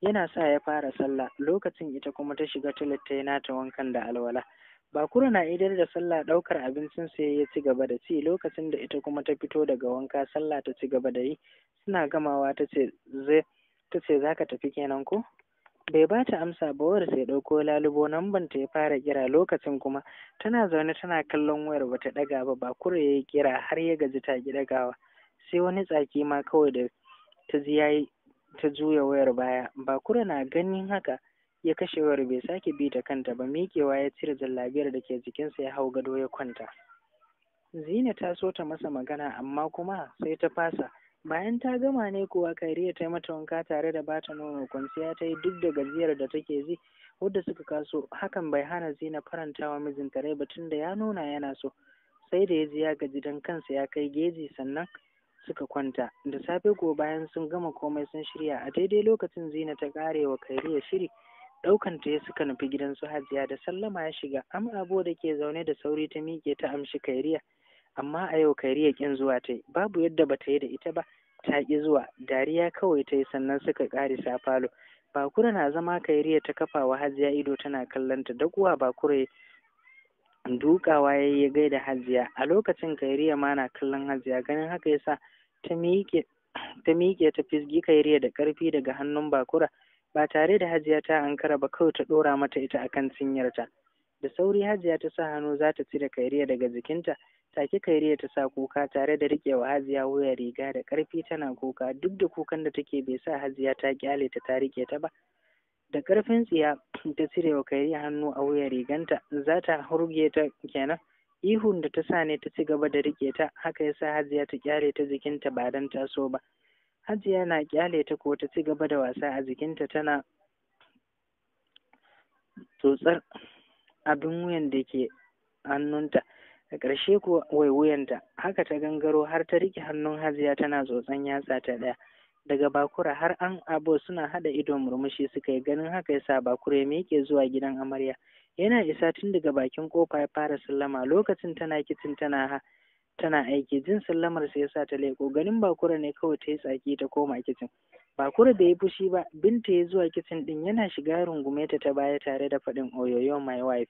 yana sa ya fara sallah lokacin ita kuma ta shiga toilet ta yi nata wankan da alwala bakura na idar da sallah ɗaukar abincin sai ya ci gaba da ci lokacin da ita kuma ta fito daga wanka sallah ta ci gaba da yi suna gamawa ta ce ta ce za ka tafi kenan ko Bai ba ta amsa ba wayar sai ɗauko lalubo nan ban ta ya fara kira lokacin kuma tana zaune tana kallon wayar ba ta ɗaga ba ba kure yayi kira har ya gaji ta ki ɗagawa sai wani tsaki ma kawai da ta ji yayi ta juya wayar baya bakura na ganin haka ya kashe wayar bai sake bi ta kanta ba mikewa ya cire jallabiyar da ke jikinsa ya hau gado ya kwanta zina ta so ta masa magana amma kuma sai ta fasa bayan ta gama ne kuwa kairiya ta yi mata wanka tare da bata nono kwanciya ta yi duk da gajiyar da take ji wadda suka kaso hakan bai hana zina farantawa mijinta rai ba da ya nuna yana so sai da ya ji ya gaji don kansa ya kai geji sannan suka kwanta da safe ko bayan sun gama komai sun shirya a daidai lokacin zina ta kare wa kairiya shiri ɗaukan ta ya suka nufi gidan su hajiya da sallama ya shiga am abo da ke zaune da sauri ta miƙe ta amshi kairiya amma a yau kariya kin zuwa ta babu yadda ba ta yi da ita ba ta ƙi zuwa dariya kawai ta yi sannan suka sa falo bakura na zama kairiya ta kafa wa hajiya ido tana kallon ta kuwa bakura ya dukawa ya yi gaida hajiya a lokacin kairiya ma na kallon hajiya ganin haka yasa ta miƙe ta miƙe ta fisgi kairiya da ƙarfi daga hannun bakura ba tare da hajiya ta ankara ba kawai ta ɗora mata ita akan cinyarta da sauri hajiya ta sa hannu za ta cire kairiya daga jikinta Ta take riya ta sa kuka tare da wa haziya, wuya riga da ƙarfi tana kuka duk da kukan da take bai sa haziya ta kyale ta ta riƙe ta ba da ƙarfin tsiya ta cire wa kairiya hannu a wuya riganta za ta hurge ta kenan ihun da ta sa ne ta ci gaba da riƙe ta haka ya sa haziya ta kyale ta jikinta ba don ta so ba hajiya na kyale ta ko ta ci gaba da wasa a jikinta tana tsotsar abin wuyan da ke hannunta da ƙarshe ko waiwuyanta haka ta gangaro har ta riƙe hannun hajiya tana tsotson yatsa ta ɗaya daga bakura har an abo suna haɗa ido murmushi suka yi ganin haka yasa bakura ya miƙe zuwa gidan amarya yana isa tun daga bakin kofa ya fara sallama lokacin tana kicin tana tana aiki jin sallamar sa yasa ta leƙo ganin bakura ne kawai ta yi tsaki ta koma kicin bakura bai yi fushi ba binta ya zuwa kicin ɗin, yana shiga rungume ta ta baya tare da faɗin oyoyo my wife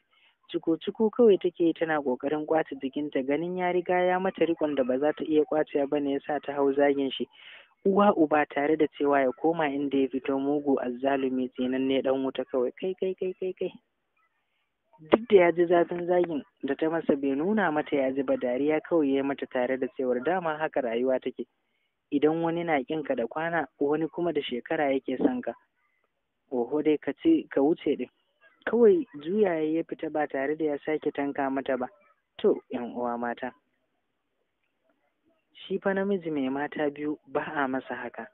ciko-ciko kawai take yi tana kokarin kwace jikinta ganin ya riga ya mata rikon da ba za ta iya kwacewa ba ne yasa ta hau zagin shi uwa uba tare da cewa ya koma inda ya fito mugu azzalumi ne dan wuta kawai kai kai kai kai kai duk da ya ji zafin zagin da ta masa bai nuna mata ya ji ba dariya kawai ya mata tare da cewar dama haka rayuwa take idan wani na kinka da kwana wani kuma da shekara yake son ka oho dai ka ce ka wuce din kawai juyaye ya fita ba tare da ya sake tanka mata ba to yan uwa mata shi fa namiji mai mata biyu ba a masa haka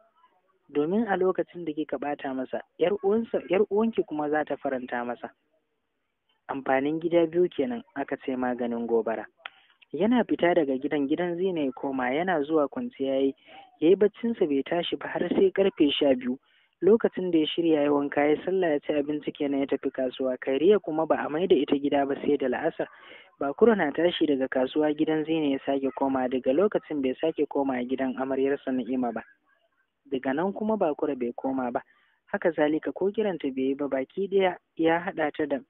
domin a lokacin da kika bata masa yar yar uwanki kuma za ta faranta masa amfanin gida biyu kenan aka ce maganin gobara yana fita daga gidan gidan zina koma yana zuwa kwanciya yayi yayi baccinsa bai tashi ba har sai karfe sha biyu lokacin da ya shirya ya wanka ya sallah ya ci abinci kenan ya tafi kasuwa kariya kuma ba a maida ita gida ba sai da la'asar bakura na tashi daga kasuwa gidan zina ya sake koma daga lokacin bai sake koma gidan amaryarsa na'ima ba daga nan kuma bakura bai koma ba haka zalika ko kiranta bai yi ba baki daya ya haɗa ta da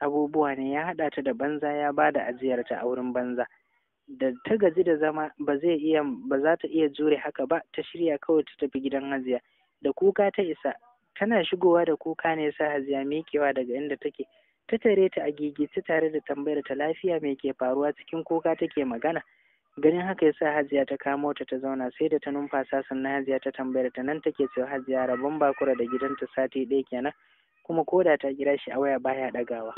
abubuwa ne ya haɗa ta da banza ya ba da ajiyarta a wurin banza da ta gaji da zama ba zai iya ba za ta iya jure haka ba ta shirya kawai ta tafi gidan hajiya da kuka ta isa tana shigowa da kuka ne sa haziya miƙewa daga inda take ta tare ta a gigice tare da tambayar ta lafiya mai ke faruwa cikin kuka take magana ganin haka yasa hajiya ta kamo ta ta zauna sai da ta numfasa sannan haziya ta tambayar ta nan take cewa haziya rabon bakura da gidanta sati ɗaya kenan kuma koda ta kira shi a waya baya ɗagawa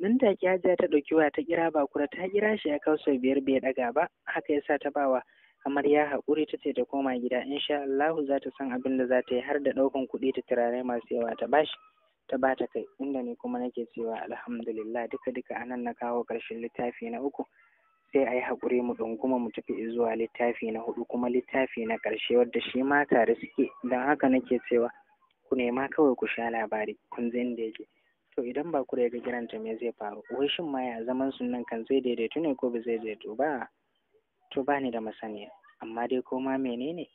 nan take hajiya ta ɗauki waya ta kira bakura ta kira shi ya kawo sau biyar bai ɗaga ba haka yasa ta bawa amarya haƙuri ta ce ta koma gida in sha Allahu za ta san abin da za ta yi har da ɗaukan kuɗi ta turare masu yawa ta bashi ta bata kai inda ni kuma nake cewa alhamdulillah duka duka anan na kawo ƙarshen littafi na uku sai a yi haƙuri mu ɗunguma mu tafi zuwa littafi na hudu kuma littafi na ƙarshe wadda shi ma tare suke don haka nake cewa ku nema kawai ku sha labari kun zin da yake to idan ba ku da ga kiranta me zai faru wai shin ma ya zaman sunan kan zai daidaitu ne ko ba zai daidaitu ba To ba ni da masaniya, amma dai koma menene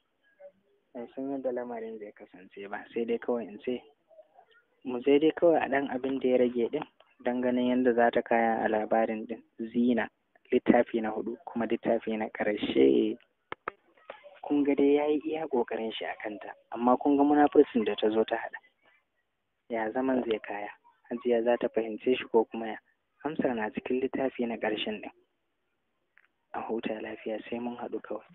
ban san yadda lamarin zai kasance ba, sai dai kawai in ce mu sai dai kawai a ɗan abin da ya rage ɗin don ganin yadda za ta kaya a labarin ɗin zina littafi na hudu kuma littafi na ƙarshe kun ga dai ya iya ƙoƙarin shi a kanta amma kun ga munafurcin da ta zo ta haɗa ya zaman zai kaya hajiya za ta fahimce shi ko kuma ya amsar na cikin littafi na ƙarshen ɗin a huta lafiya sai mun haɗu kawai